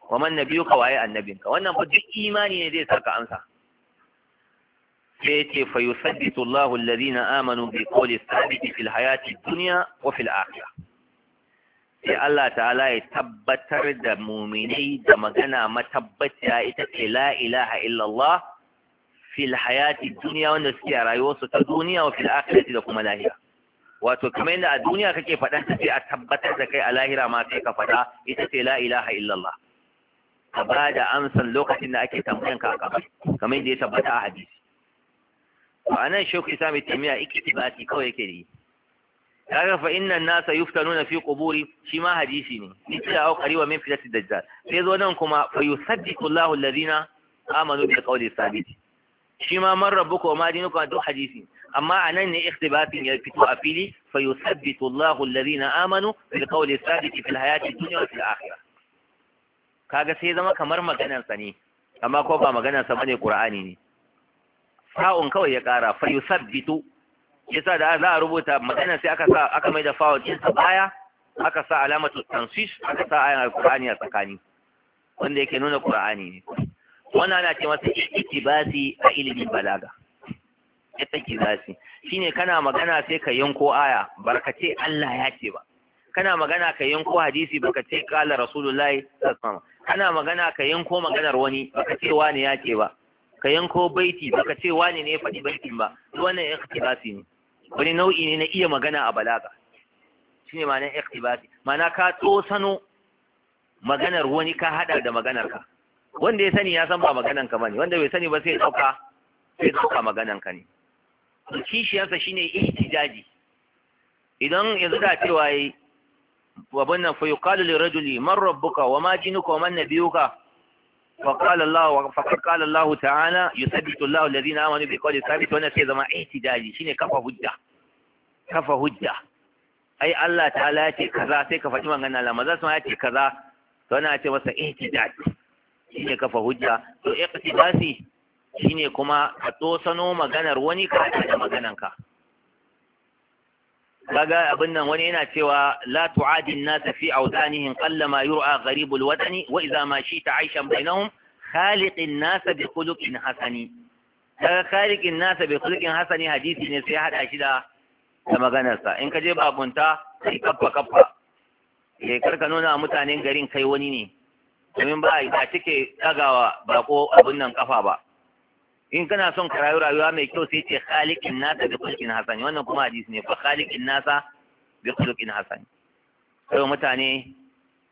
wa man nabiyuka waye annabinka wannan fa duk imani ne zai saka amsa sai ce fa yusabbitu Allahu alladhina amanu bi qawli thabiti fil hayati dunya wa fil akhirah sai Allah ta'ala ya tabbatar da muminai da magana matabbaciya ita ce la ilaha illallah fil hayati duniya wanda suke a rayuwarsu ta duniya wa fil akhirati da kuma lahira wato kamar yadda a duniya kake faɗan ta sai a tabbatar da kai a lahira ma sai ka faɗa ita ce la ilaha illallah ka ba da amsan lokacin da ake tambayan ka kamar kamar da ya tabbata a hadisi to anan shekhu isami tamiya iktibasi kawai yake yi kaga fa inna an-nasa nuna fi kuburi, shi ma hadisi ne a aw wa min fitati dajjal sai zo nan kuma fa yusaddiqu Allahu alladhina amanu da qawli sabit shi ma man rabbuka wa ma dinuka duk hadisi amma a anan ne ikhtibatin ya fito a fili fa yusabbitu Allahu alladhina amanu da qawli sabit fil hayati dunya wa fil akhirah kaga sai zama kamar maganarsa ne amma ko ba maganarsa bane qur'ani ne fa'un kawai ya kara fa yusabbitu yasa da za a rubuta maganar sai aka sa aka mai da fa'u din sa baya aka sa alamatu tanfis aka sa ayan alqur'ani a tsakani wanda yake nuna qur'ani ne wannan ana ce masa ittibasi a ilimin balaga ittibasi shine kana magana sai ka yanko aya barkace Allah ya ce ba kana magana ka yanko hadisi baka ce kala rasulullahi sallallahu kana magana ka yanko maganar wani baka ce wani ya ce ba ka yanko baiti baka ce wani ne faɗi baitin ba wannan iktibasi ne wani nau'i ne na iya magana a balaga shine ma'anar iktibasi ma'ana ka tosano maganar wani ka hada da maganar ka wanda ya sani ya san ba maganar ka bane wanda bai sani ba sai dauka sai dauka maganar ka ne kishiyarsa shine ihtijaji idan yanzu da cewa yi abin nan fa yuqalu lirajuli man rabbuka wa ma dinuka wa man nabiyuka fa qala Allah fa qala Allah ta'ala yuthabbitu Allah alladhina amanu bi qawli thabit wa yi zama ihtidali shine kafa hujja kafa hujja ai Allah ta'ala ce kaza sai ka faɗi magana Allah maza sun ce kaza to ana ce masa ihtidal shine kafa hujja to iqtidasi shine kuma ka tsosano maganar wani ka haɗa da maganan ka kaga abin nan wani yana cewa la tu'adin nasa fi awdanihim ma yur'a gharibul wadani wa idza ma shi aishan bainahum khaliqin nasa bi khuluqin hasani kaga khaliqin nasa bi khuluqin hasani hadisi ne sai hada shi da da maganarsa in ka je babunta sai kaffa kaffa sai eh, karka nuna mutanen garin kai wani ne domin ba a cike dagawa bako abin nan kafa ba in kana son ka rayu rayuwa mai kyau sai ce khaliqin nasa bi khulqin hasan wannan kuma hadisi ne fa khaliqin nasa bi khulqin hasan kai mutane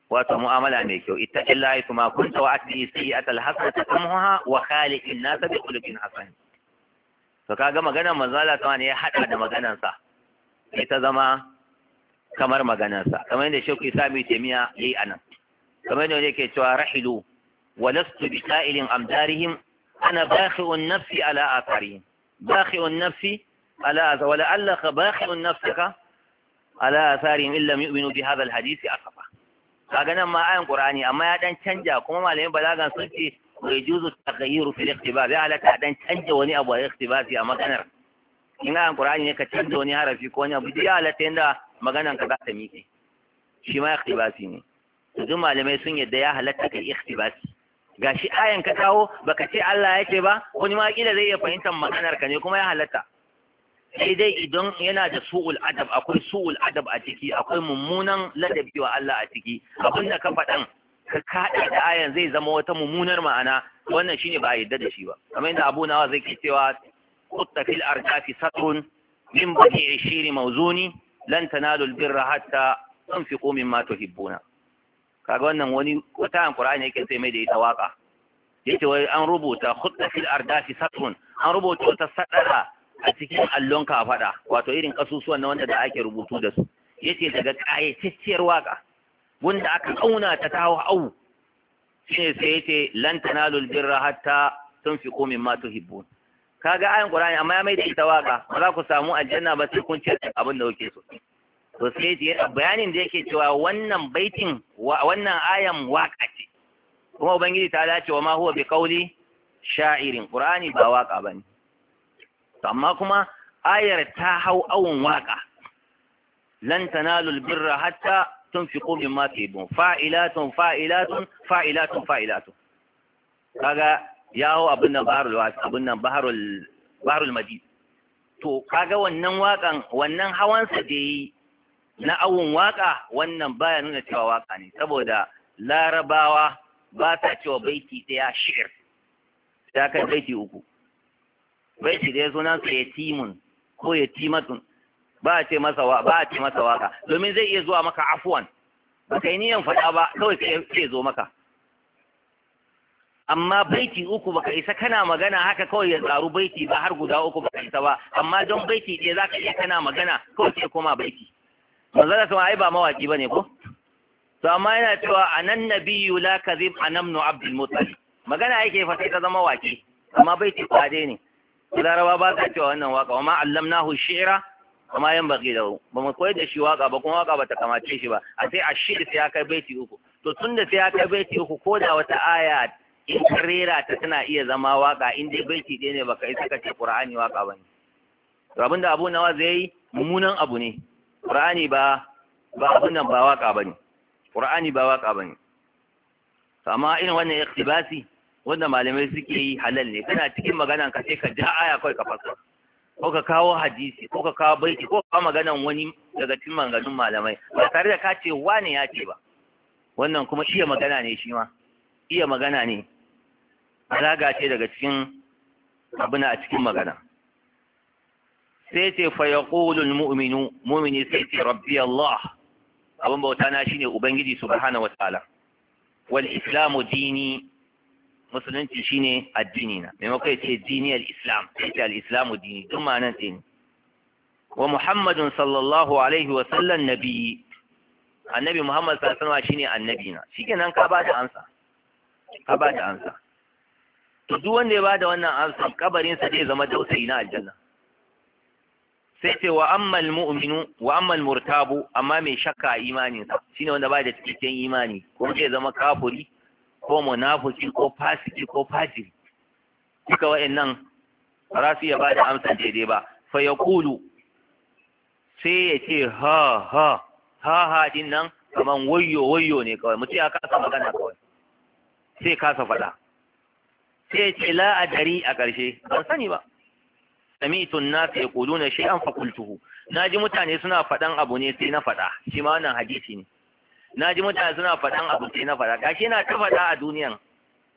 wato mu'amala mai kyau ittaqillahi kuma kunta wa atbi sayyi'atal hasanata tamhuha wa khaliqin nasa bi khulqin hasan to kaga maganar manzala ta ne ya hada da maganar sa ita zama kamar maganar sa kamar yadda shekku isa bi temiya yayi anan kamar yadda yake cewa rahilu wa lastu bi sa'ilin amdarihim أنا باخئ النفس على آخرين باخئ النفس على آثار ولعلك باخئ نفسك على آثارهم إن يؤمنوا بهذا الحديث أسفا kaga nan ma ayan Qur'ani amma ya dan canja kuma malamin balagan sun ce bai juzu taghayyiru fil ikhtibar ya halaka dan canja wani abu a ikhtibasi a maganar in ayan Qur'ani ne ka canja wani harafi ko wani ya halaka yanda maganar za ta miƙe shi ma ne yanzu malamai sun yadda ya halatta kai ikhtibasi gashi ayan ka kawo baka ce Allah yake ba wani ma kila zai iya fahimtar maganar ka ne kuma ya halatta sai dai idan yana da su'ul adab akwai su'ul adab a ciki akwai mummunan ladabi wa Allah a ciki abin da ka faɗan ka kaɗa da ayan zai zama wata mummunar ma'ana wannan shine ba a yadda da shi ba kamar yadda Abu Nawa zai ke cewa qutta fil arkafi satrun min bani ishiri mawzuni lan tanalu albirra hatta tunfiqu mimma tuhibbuna kaga wannan wani wata an qur'ani yake sai mai da ita waka yace wai an rubuta khutta fil ardafi satrun an rubuta wata sadara a cikin allon kafaɗa, wato irin kasusuwan na wanda da ake rubutu da su yace daga kayatacciyar waka wanda aka kauna ta tawo au shine sai yace lan tanalul birra hatta tunfiqu mimma tuhibbun kaga ayin qur'ani amma ya mai da ita waka ba za ku samu aljanna ba sai kun ci abin da kuke so to sai ya bayanin da yake cewa wannan baitin wannan ayan waka ce kuma ubangiji ta dace wa ma huwa bi qawli sha'irin qur'ani ba waka bane to amma kuma ayar ta hau awun waka lan tanalul birra hatta tunfiqu mimma tuhibun fa'ilatun fa'ilatun fa'ilatun fa'ilatun kaga yawo abin nan baharul abin nan baharul baharul majid to kaga wannan wakan wannan hawan sa da yi na awon waka wannan baya nuna cewa waka ne saboda larabawa ba ta cewa baiti ɗaya shi'ir ta kai baiti uku baiti nan sai ya timun ko timatun ba a ce masa wa ba a ce masa waka domin zai iya zuwa maka afuwan ba kai niyan faɗa ba kawai sai zo maka amma baiti uku ba ka isa kana magana haka kawai ya tsaru baiti ba har guda uku ba ka isa ba amma don baiti ɗaya zaka iya kana magana kawai sai koma baiti manzala sama ai ba mawaki bane ko to amma yana cewa anan nabiyyu la kadhib anamnu abdul muttalib magana yake ke sai ta zama waki amma bai ce kwade ne larabawa ba ka cewa wannan waka amma ma allamnahu shi'ra wa ma baki lahu ba mu koyar da shi waka ba kuma waka ba ta kamace shi ba a sai a shi sai ya kai baiti uku to tun da sai ya kai baiti uku ko da wata aya in karera ta tana iya zama waka in dai baiti ɗaya ne baka yi saka ce qur'ani waka bane to abinda abu nawa zai yi mummunan abu ne qur'ani ba ba abin nan ba waka bane qur'ani ba waka bane amma irin wannan iktibasi wanda malamai suke yi halal ne kana cikin magana ka sai ka ja aya kawai ka fasa ko ka kawo hadisi ko ka kawo baiti ko ka maganan wani daga cikin maganganun malamai ba tare da ka ce wane ya ce ba wannan kuma iya magana ne shi ma iya magana ne alaga ce daga cikin abuna a cikin magana sai ce fa yaqulu almu'minu mu'mini sai ce rabbi Allah abin bauta na shine ubangiji subhanahu wataala wal islamu dini musulunci shine addini na maimako ya ce dini al-islam sai ce al-islamu dini duk ma'anar nan wa muhammadun sallallahu alaihi wa sallam nabiyyi annabi muhammad sallallahu alaihi shine annabi na shikenan ka ba da amsa ka ba da amsa to duk wanda ya ba da wannan amsa kabarin sa zai zama dausayi na aljanna sai ce wa ammal mu'minu wa ammal murtabu amma mai shakka a imaninsa shine wanda ba da cikakken imani ko zai zama kafuri ko munafiki ko fasiki ko fajiri duka wa'annan ba su iya ba da amsa daidai ba fa yaqulu sai ya ce ha ha ha ha din nan kaman wayyo wayyo ne kawai mutum ya kasa magana kawai sai kasa faɗa sai ya ce la a dari a ƙarshe ban sani ba sami'tu an-nas yaquluna shay'an fa Na ji mutane suna faɗan abu ne sai na faɗa shi ma wannan hadisi ne Na ji mutane suna faɗan abu sai na faɗa gashi yana ta faɗa a duniyan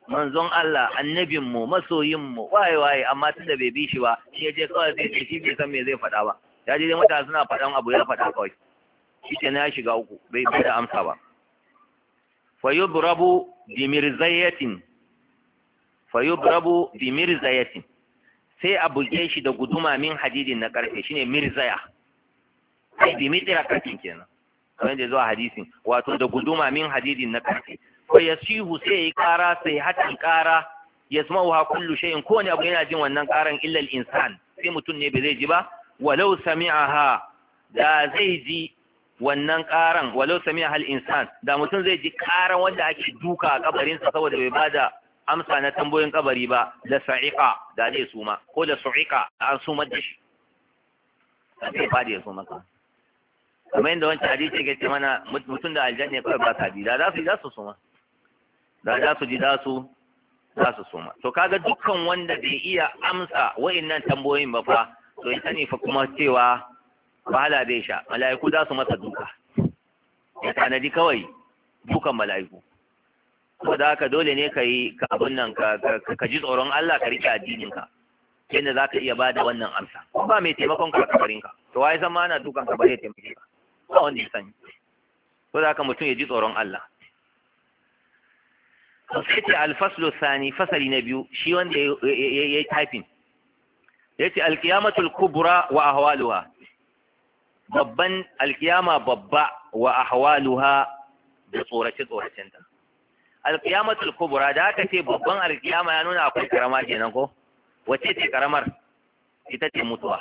manzon Allah annabin mu masoyin mu waye waye amma tunda bai bi shi ba shi ya je kawai zai ce shi bai san me zai faɗa ba ya je mutane suna faɗan abu ya faɗa kawai shi ke na shiga uku bai bada amsa ba fa yudrabu bi mirzayatin fa yudrabu bi mirzayatin sai a buge shi da guduma min hadidin na karfe shine mirzaya sai bi mitira karfe kenan kamar da zuwa hadisin wato da guduma min hadidin na karfe ko yasihu sai yi kara sai hatin kara wa kullu shay'in ko ne abu yana jin wannan karan illa al-insan sai mutum ne bai zai ji ba walau sami'aha da zai ji wannan karan walau sami'a hal insan da mutum zai ji karan wanda ake duka a sa saboda bai bada amsa na tambayoyin kabari ba da sa'iqa da zai suma ko da su'iqa an suma da shi a zai fadi ya suma ka kuma inda wancan hadisi ke ce mana mutum da aljanna kawai ba ka ji da za su ji za su suma da za su ji za su za su suma to kaga dukkan wanda bai iya amsa wa'annan tambayoyin ba fa to ya sani fa kuma cewa wahala bai sha mala'iku za su masa duka ya tanadi kawai dukan mala'iku saboda haka dole ne ka yi ka abin nan ka ji tsoron Allah ka rike addinin ka yadda za ka iya ba da wannan amsa ko ba mai taimakon ka kabarin ka to wai san ana dukan ka ba zai taimake ka ba wanda ya sani ko da ka mutum ya ji tsoron Allah to sai ce alfaslu sani fasali na biyu shi wanda ya yi typing ya ce alkiyamatul kubra wa ahwaluha babban alkiyama babba wa ahwaluha da tsorace tsoracen ta. alkiyamatul kubra da aka ce babban alkiyama ya nuna akwai karama kenan ko wace ce karamar ita ce mutuwa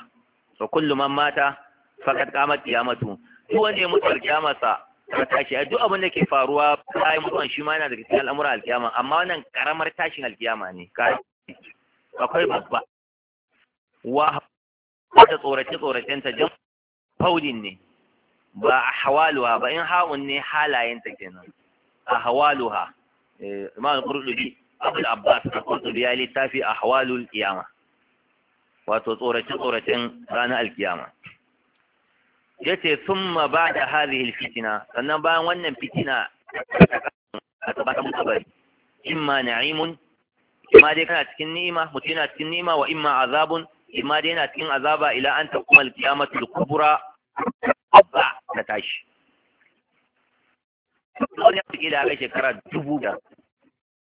fa kullu man mata faqad qamat qiyamatu duk wanda ya mutu alqiyamarsa ta tashi duk abin da ke faruwa bayan mutuwan shi ma yana daga cikin al'amuran alkiyama amma wannan karamar tashin alkiyama ne akwai babba wa ta tsorace tsoracen ta, jan faulin ne ba a hawaluwa ba in ha'un ne halayen ta kenan a hawaluwa Eh, imam al-qurtubi abul abbas al-qurtubi ya littafi ahwalul qiyama wato tsorace tsoracen ranar alkiyama yace thumma ba'da hadhihi al-fitna sannan bayan wannan fitina a ta muka bari imma na'imun imma dai kana cikin ni'ima mutum yana cikin ni'ima wa imma azabun imma dai yana cikin azaba ila an ta taquma al-qiyamatu al-kubra abba ta tashi wani ya ke da haka shekara dubu da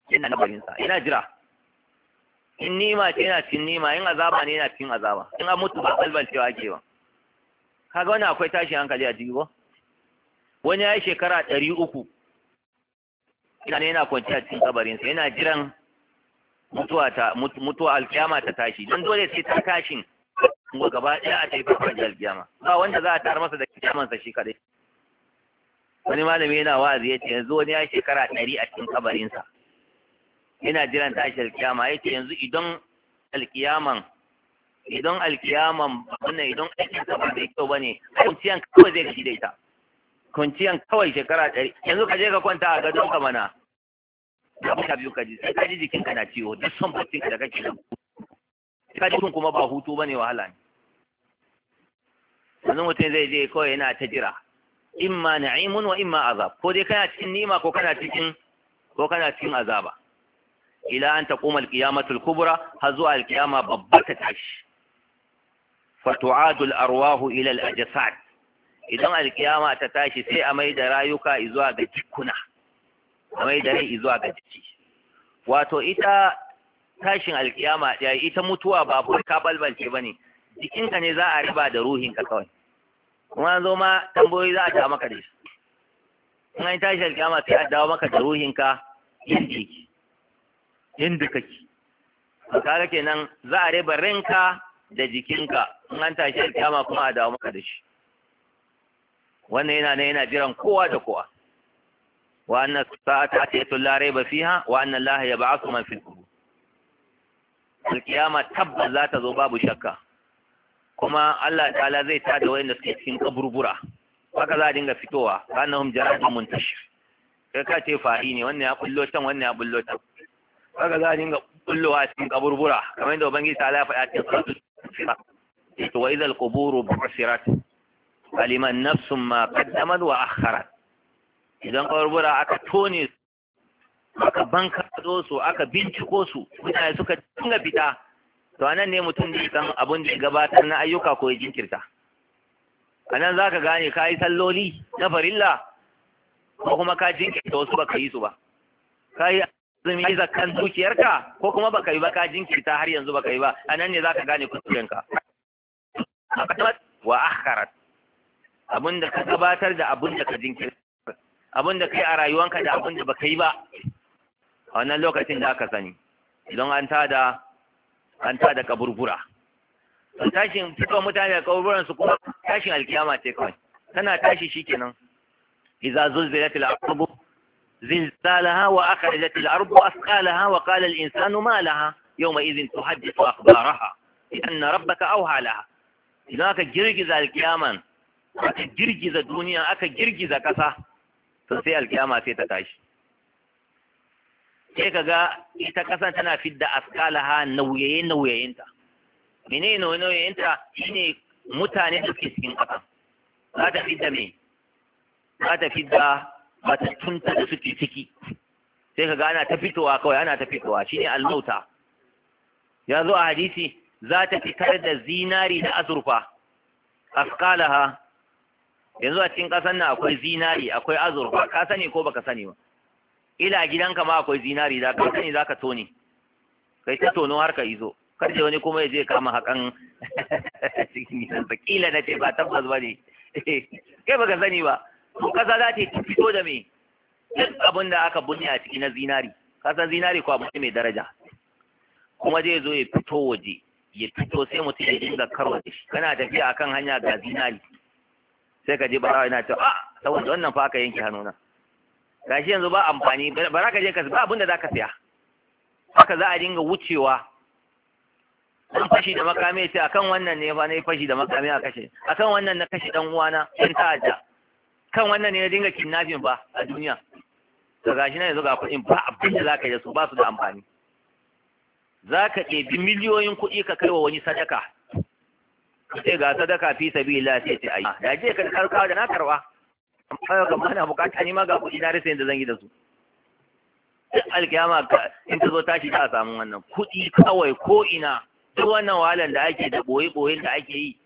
yana sa yana jira in nima ce yana cin nima in azaba ne yana cin azaba in an mutu ba kalban cewa ake ba kaga wani akwai tashin hankali a jigo ko wani ya yi shekara ɗari uku ina ne yana kwanci a cikin kabarinsa yana jiran mutuwa ta mutuwa alkiyama ta tashi don dole sai ta tashin ko gaba ɗaya a tafi farfar alkiyama ba wanda za a tar masa da sa shi kadai. wani malami yana wa'azi yace yanzu wani ya shekara ɗari a cikin kabarinsa yana jiran tashi alkiyama ce yanzu idan alkiyaman idan alkiyaman wannan idan aikin ka ba da kyau ba ne. kunciyan kawai zai kashi da ita kunciyan kawai shekara ɗari yanzu ka je ka kwanta a gadon ka mana da ka biyu ka ji sai ka ji jikin ka na ciwo duk son bacin ka da kake da ka ji kuma ba hutu ba ne wahala ne yanzu mutum zai je kawai yana ta jira imma na'imun wa imma azab ko dai kana cikin nima ko kana cikin ko kana cikin azaba ila an taquma alqiyamatul kubra har zuwa alqiyama babba ta tashi fa arwahu alarwahu ila alajsad idan alqiyama ta tashi sai a mai da rayuka zuwa ga jikuna a mai da rai zuwa ga jiki wato ita tashin alkiyama ya ita mutuwa ba ko ka balbalce bane jikinka ne za a riba da ka kawai kuma an zo ma tambayoyi za a ta maka da shi in an tashi alkiyama sai a dawo maka da ruhinka yin jiki yanda kake kaga kenan za a riba ranka da jikinka in an tashi alkiyama kuma a dawo maka da shi wannan yana ne yana jiran kowa da kowa wa ce sa'ata atiyatu la fi fiha wa anna allaha yab'athu man fil qubur alkiyama tabbas za ta zo babu shakka kuma Allah ta'ala zai tada wayanda suke cikin kaburbura haka za a dinga fitowa kanahum jaradun muntashir kai ka ce fa'i ne wannan ya bullo can wannan ya bullo can kaga za a dinga kullowa cikin kaburbura kamar yadda ubangiji ta lafa ya cikin salatu to wa idhal quburu bu'sirat aliman nafsum ma qaddamat wa akharat idan kaburbura aka tone aka banka su aka binciko su mutane suka dinga fita to anan ne mutum da kan abun da gabatar na ayyuka ko ya jinkirta anan zaka gane ka yi salloli na farilla ko kuma ka jinkirta wasu baka yi su ba kai zumi yi kan zuciyarka, ko kuma baka yi ba ka jinkirta har yanzu baka yi ba a nan ne zaka gane kuskurenka wa akharat abin ka gabatar da abin da ka jinkirta Abunda kai a rayuwanka da abunda baka yi ba a wannan lokacin da aka sani idan an tada an tada kaburbura tashin fitowar mutane da kaburburan su kuma tashin alkiyama ce kawai tana tashi shikenan idza zulzilatil ardh زلزالها وأخرجت الأرض أثقالها وقال الإنسان ما لها يومئذ تحدث أخبارها لأن ربك أوهى لها إذا جرجز الكياما جرجز الدنيا أكجرجز كفا فسي الكياما في تكاش كيف قال إتكاسا تنافد أثقالها نويين نويين منين نويين أنت إني متانيك في سكين قطع لا تفد مين لا تفد matattunta da suke ciki sai ka gana ta fitowa kawai ana ta fitowa ne almauta ya zo a hadisi za ta fitar da zinari da azurfa Askalaha. yanzu a cikin kasan nan akwai zinari akwai azurfa ka sani ko baka sani ba ila gidanka ma akwai zinari da ka sani zaka tone kai ta tono har ka izo kar da wani kuma ya je kama hakan cikin gidansa kila na ce ba tabbas ba ne kai baka sani ba to ƙasa za ta yi fito da me duk abin da aka bunne a ciki na zinari kasan zinari ko abin mai daraja kuma zai zo ya fito waje ya fito sai mutum ya dinga kar waje. kana tafiya akan hanya ga zinari sai ka je barawa yana cewa ah saboda wannan fa aka yanke hannuna gashi yanzu ba amfani ba za ka je ka ba abin da za ka saya. haka za a dinga wucewa an fashi da makami ya ce akan wannan ne fa na yi fashi da makami a kashe akan wannan na kashe dan uwana yan ta'adda kan wannan ne na dinga kinnafin ba a duniya Da gashi na yanzu ga kuɗin ba abin da zaka yi su ba su da amfani zaka ɗebi miliyoyin kuɗi ka kai wa wani sadaka sai ga sadaka fi sabila sai ce ayi da je ka karkawa da na karwa amma ga mana bukata ni ma ga kuɗi na rasa yadda zan yi da su duk alkiyama in ta zo tashi ta samu wannan kuɗi kawai ko ina duk wannan wahalar da ake da boye-boyen da ake yi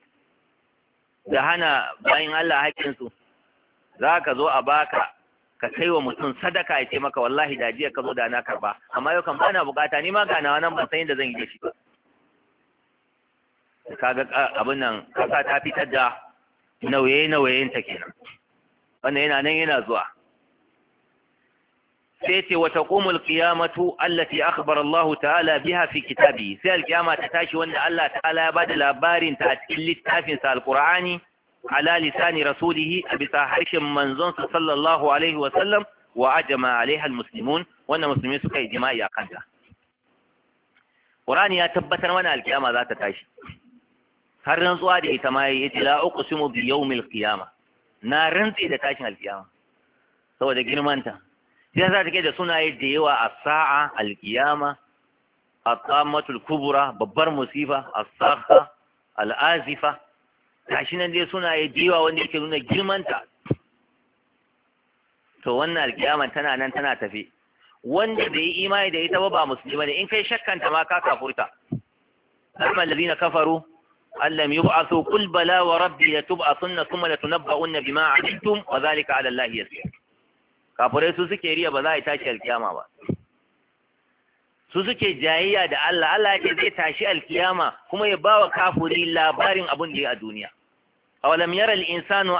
da hana bayan Allah haƙƙinsu za ka zo a baka ka kai wa mutum sadaka ya ce maka wallahi da jiya ka zo da na karba amma yau kan bana bukata ni ma ga nawa nan ban san inda zan yi da shi ba kaga abin nan kasa ta fitar da nauye nauyen ta kenan wannan yana nan yana zuwa sai ce wa taqumul qiyamatu allati akhbara Allah ta'ala biha fi kitabi sai alkiyama ta tashi wanda Allah ta'ala ya bada labarin ta a cikin littafin sa alqur'ani ala lisani rasulihi a bisa harshen manzon su sallallahu alaihi wa sallam wa ajma alaiha almuslimun musulmi suka yi jima'i a kanta Qur'ani ya tabbatar wani alkiyama za ta tashi har rantsuwa da ita ma yace la uqsimu bi yawmil qiyama na rantsi da tashin alkiyama saboda girmanta sai za ta ke da sunaye da yawa a sa'a alkiyama at kubra babbar musifa as-sakha al-azifa gashi nan dai suna ya jiwa wanda yake nuna girmanta to wannan alƙiyaman tana nan tana tafi wanda bai yi imani da ita ba ba musulmi bane in kai shakkanta ma ka kafurta amma allazina kafaru allam yub'athu qul bala wa rabbi latub'athunna thumma latunabba'unna bima 'amiltum wa dhalika 'ala allahi yasir kafurai su suke riya ba za a yi tashi alƙiyama ba su suke jayayya da Allah Allah ce zai tashi alkiyama kuma ya bawa kafuri labarin abin da ya a duniya awalam yara al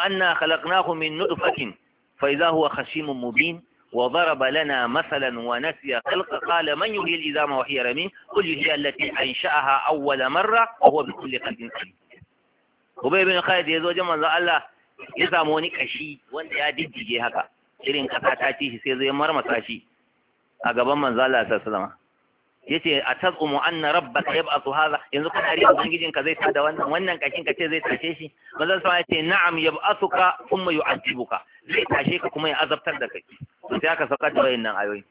anna khalaqnahu min nutfatin fa idza huwa khashimun mubin wa daraba lana masalan wa nasiya khalqa qala man yuhyi al wa hiya ramin qul yuhyi allati ansha'aha awwala marra wa huwa bi kulli khalqin alim Ubay bin Khalid yazo wajen manzon Allah ya samu wani kashi wanda ya diddige haka irin kasa ta ci sai zai marmasa shi a gaban manzon Allah sallallahu alaihi wasallam yace atazumu anna rabbaka yab'athu hadha yanzu kana riya ubangijin ka zai tada wannan wannan kashin ka ce zai tashe shi manzon sa yace na'am yab'athuka thumma yu'adibuka zai tashe ka kuma ya azabtar da kai to sai aka saukar da wayannan ayoyi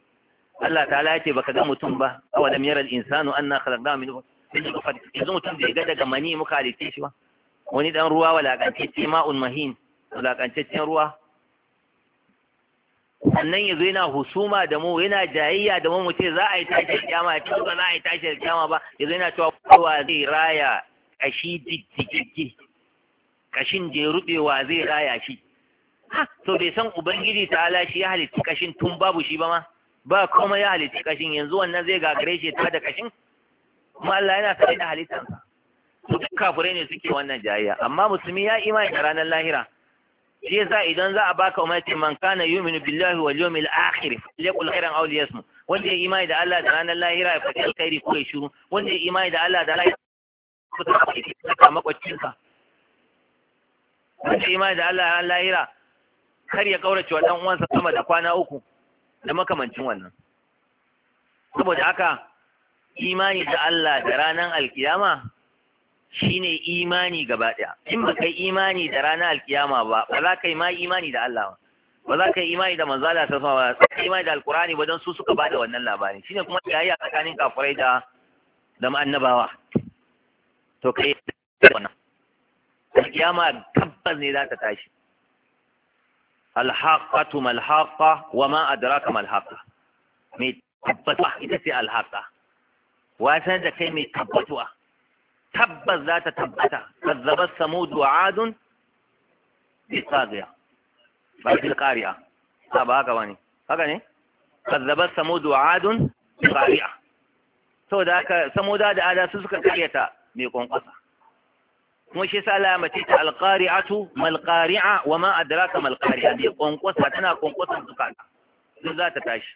Allah ta'ala yace baka ga mutum ba aw lam yara al-insanu anna khalaqnahu min nutfatin yanzu mutum bai ga daga mani muka halitta shi ba wani dan ruwa walakantacce ma'un mahin walakantacce ruwa sannan ya zo yana husuma da mu yana jayayya da mu mu ce za a yi tashi kiyama ce ba za a yi tashi kiyama ba ya zo yana cewa kowa zai raya kashi diddigiggi kashin je rubewa zai raya shi ha to bai san ubangiji ta ala shi ya halitta kashin tun babu shi ba ma ba kuma ya halitta kashin yanzu wannan zai gagare shi ta da kashin kuma Allah yana sai da halittansa su kafirai ne suke wannan jayayya amma musulmi ya imani da ranar lahira shi yasa idan za a baka umarci man kana yu'minu billahi wal yawmil akhir yaqul khairan aw liyasmu wanda ya imani da Allah da ranar lahira ya fadi alkhairi ko ya shiru wanda ya imani da Allah da lahira ko ta ka wanda ya imani da Allah da lahira kar ya kaurace wa dan uwansa sama da kwana uku da makamancin wannan saboda haka imani da Allah da ranar alkiyama shine imani gaba ɗaya in ba kai imani da ranar alkiyama ba ba za ka yi ma imani da Allah ba ba za ka yi imani da manzala ta sama ba ka imani da alkurani ba don su suka bada wannan labari shine kuma yayi a tsakanin kafirai da da annabawa to kai wannan alkiyama tabbas ne za ta tashi alhaqatu malhaqa wa ma adraka malhaqa Me tabbata ita ce alhaqa wasan da kai me tabbatuwa tabbas za ta tabbata kazzabat samud wa adun bi tsagiya ba fil ba haka bane haka ne kazzabat samud wa adun bi qari'a saboda haka samuda da ada su suka karyata mai kwankwasa kuma shi sa Allah mace ta alqari'atu mal qari'a wa ma adraka mal qari'a bi kwankwasa tana kwankwasan dukata duk za ta tashi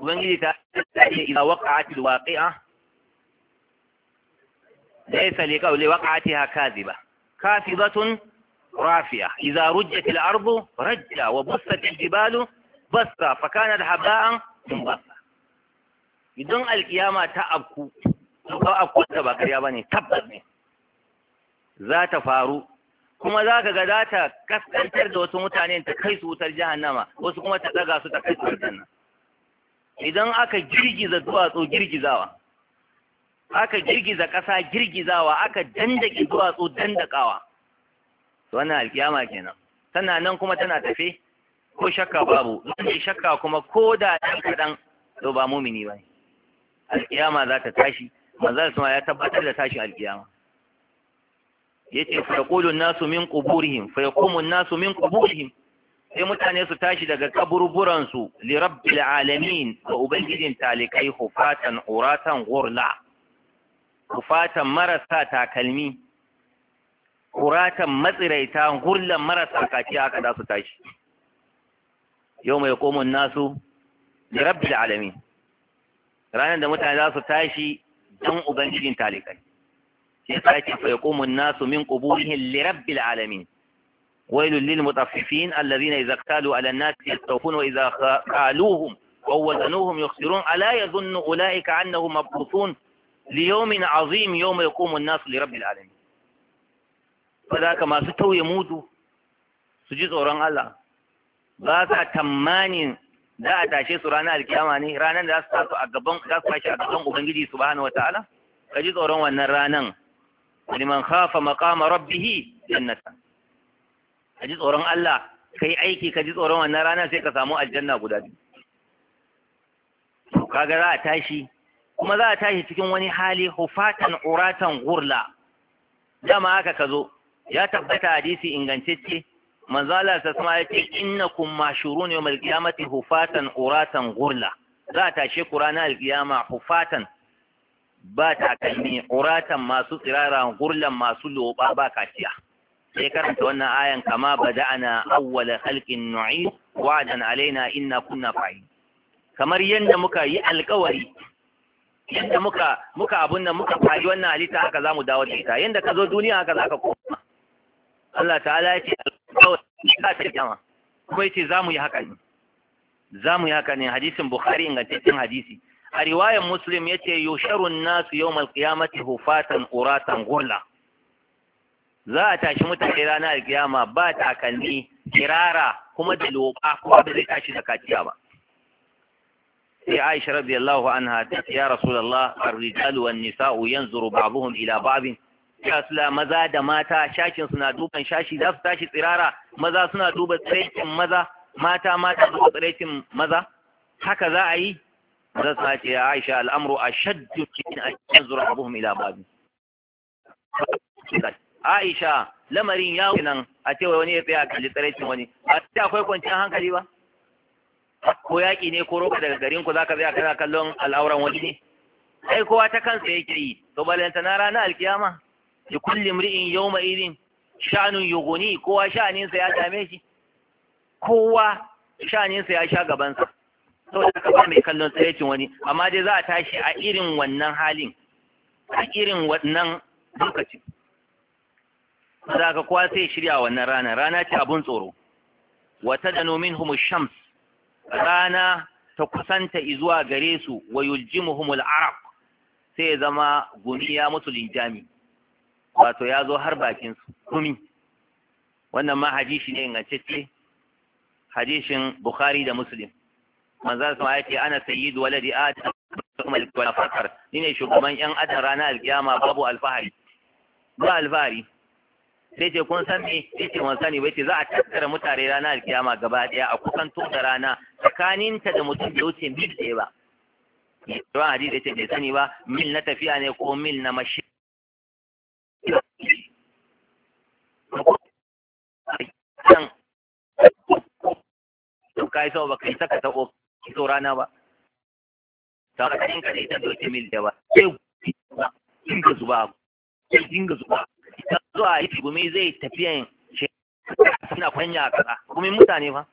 ubangiji ta ta idza waqa'atil waqi'a laysa liqawli waqatiha kadhiba kafidatun rafiya idza rujjat al-ardu rajja wa bussat al-jibalu bassa fa kanat haba'an basa idan alkiyama ta abku to ka abku ta ba kariya bane tabbas ne za ta faru kuma za ka ga za ta kaskantar da wasu mutane ta kai su wutar jahannama wasu kuma ta daga su ta kai su wutar idan aka girgiza duwatsu girgizawa aka girgiza ƙasa girgizawa aka dandake duwatsu dandakawa wannan alkiyama kenan tana nan kuma tana tafe ko shakka babu wanda shakka kuma ko da ɗan kaɗan to ba mumini ba ne alkiyama za ta tashi manzal suma ya tabbatar da tashi alkiyama Ya ce, yaqulu nasu min quburihim fa nasu min quburihim sai mutane su tashi daga kaburburansu li rabbil alamin wa ubangijin talikai hufatan uratan gurla kufatan marasa takalmi kuratan matsiraita gurlan marasa kaci aka da su tashi yau mai komon nasu da rabbil alamin ranar da mutane za su tashi don ubangijin talikai sai ta ce fa yaqumun nasu min quburihim li rabbil alamin wailul lil mutaffifin alladhina idza qalu ala an-nasi yastawfun wa idza qaluhum aw wazanuhum yukhsirun ala yadhunnu ulaika annahum mabqusun liyomin azim yau mai الناس لرب العالمين فذاك ba za ka masu صوران الله su ji tsoron Allah ba sa tamanin za a tashe su ranar alkiyama ne ranar da za su a gaban za su tashi a gaban ka kai aiki ka ji tsoron wannan rana sai ka samu aljanna guda biyu Ka ga za a tashi kuma za a tashi cikin wani hali hufatan uratan gurla dama haka ka zo ya tabbata hadisi ingantacce manzo Allah ta sama ya ce innakum mashurun yawm al hufatan uratan gurla za a tashe ku ranar alkiyama hufatan ba takalmi uratan masu tsirara gurlan masu loba ba kaciya sai karanta wannan ayan kama bada'ana awwala khalqin nu'id wa'dan alaina inna kunna fa'il kamar yadda muka yi alkawari yadda muka muka abun nan muka fadi wannan halitta haka za mu dawo da ita yadda ka zo duniya haka za ka koma Allah ta'ala ya ce alƙawari ta kuma yace za mu yi haka ne za mu yi haka ne hadisin bukhari ingantaccen hadisi a riwayan muslim ya ce yusharun nasu yau kiyamati hufatan uratan gula za a tashi mutane ranar alkiyama ba takalmi kirara kuma da loba kuma abin zai tashi da kaciya ba sai Aisha radiyallahu anha ta ce ya Rasulullah ar-rijal nisa'u yanzuru ba'dhum ila ba'd maza da mata shakin suna duban shashi za su tashi tsirara maza suna duba tsiraitin maza mata mata duba tsiraitin maza haka za a yi zan sa Aisha al'amru ashaddu min an yanzuru ba'dhum ila ba'd Aisha lamarin ya nan a cewa wani ya tsaya a kalli wani akwai kwanciyar hankali ba ko yaƙi ne ko roka daga garin ku za ka tsaya kana kallon al'auran wani ne ai kowa ta kansa yake yi to balanta na rana alkiyama li kulli mri'in ma irin sha'anun yugoni kowa sha'aninsa ya dame shi kowa sha'aninsa ya sha gabansa da ka ba mai kallon tsayacin wani amma dai za a tashi a irin wannan halin a irin wannan lokacin za ka kowa sai shirya wannan rana rana ce abun tsoro wata da nomin humus shams rana ta kusanta izuwa gare su wa yuljimuhumul araq sai ya zama gumi ya mutu linjami wato ya zo har bakin su gumi wannan ma hadisi ne ingantacce hadishin bukhari da muslim manzo sama ya ce ana sayyidu waladi adam wal fakar ni ne shugaban yan adam rana alkiyama babu alfahari ba alfahari sai ce kun san me sai ce ban sani bai ce za a tattara mutane rana alkiyama gaba daya a to da rana tsakaninta da mutum da wuce mil ɗaya ba yawan hadisi ce bai sani ba mil na tafiya ne ko mil na mashi kai yi sama baka yi saka ta so rana ba ta ka ɗin ka ita da wuce mil ɗaya ba sai dinga zuba sai dinga zuba idan zuwa yi gumi zai ce suna kwanya a kasa gumi mutane fa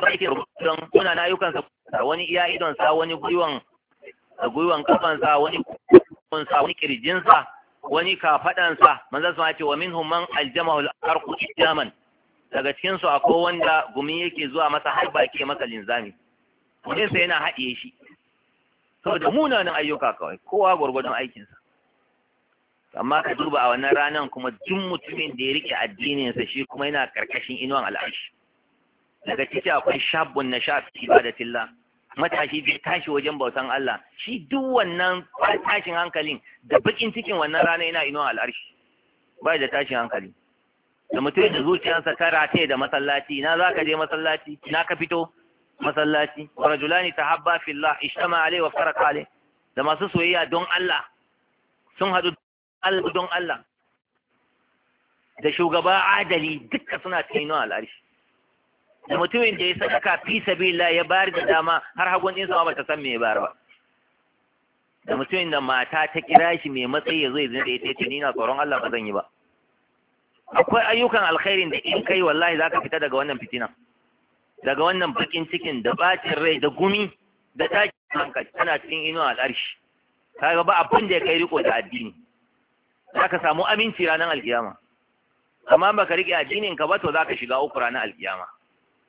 ba yake rubutun muna na yukansa sa wani iya idonsa sa wani gwiwan gwiwan kafan wani kusa sa wani kirjinsa sa wani kafadan sa su sa ce wa min man aljama al-arqu ijaman daga cikin su akwai wanda gumi yake zuwa masa har baki masa linzami kudinsa sa yana haɗiye shi saboda munanan ayyuka kawai kowa gwargwadon aikinsa amma ka duba a wannan ranar kuma duk mutumin da ya rike addininsa shi kuma yana karkashin inuwan al'ashi daga ciki akwai shabbun na sha fi ibadatillah matashi bai tashi wajen bautan Allah shi duk wannan tashin hankalin da bakin cikin wannan rana yana inuwan al'arshi ba da tashin hankali da mutum da zuciyarsa ta rataye da masallaci na za ka je masallaci na ka fito masallaci wa rajulani tahabba fillah ishtama alai wa faraka alai da masu soyayya don Allah sun hadu Allah don Allah da shugaba adali duka suna taino nuna al'arshi da mutumin da ya sadaka fi sabila ya bayar da dama har hagun ɗinsa ma bata san me ya bayar ba da mutumin da mata ta kira shi mai matsayi ya zo zina da ita ni na tsoron Allah ba zan yi ba akwai ayyukan alkhairin da in kai wallahi za ka fita daga wannan fitina daga wannan bakin cikin da bacin rai da gumi da tashi hankali tana cikin inuwa al'arshi kaga ba abin da ya kai riko da addini za ka samu aminci ranar alkiyama amma baka rike addinin ka ba to za ka shiga uku ranar alkiyama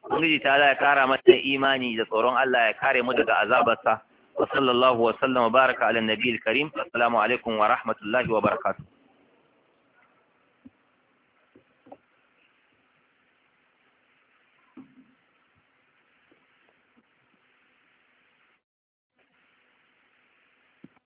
ubangiji ta ya kara masa imani da tsoron Allah ya kare mu daga azabarsa wa sallallahu wa sallama baraka ala nabiyil karim assalamu alaikum wa rahmatullahi wa barakatuh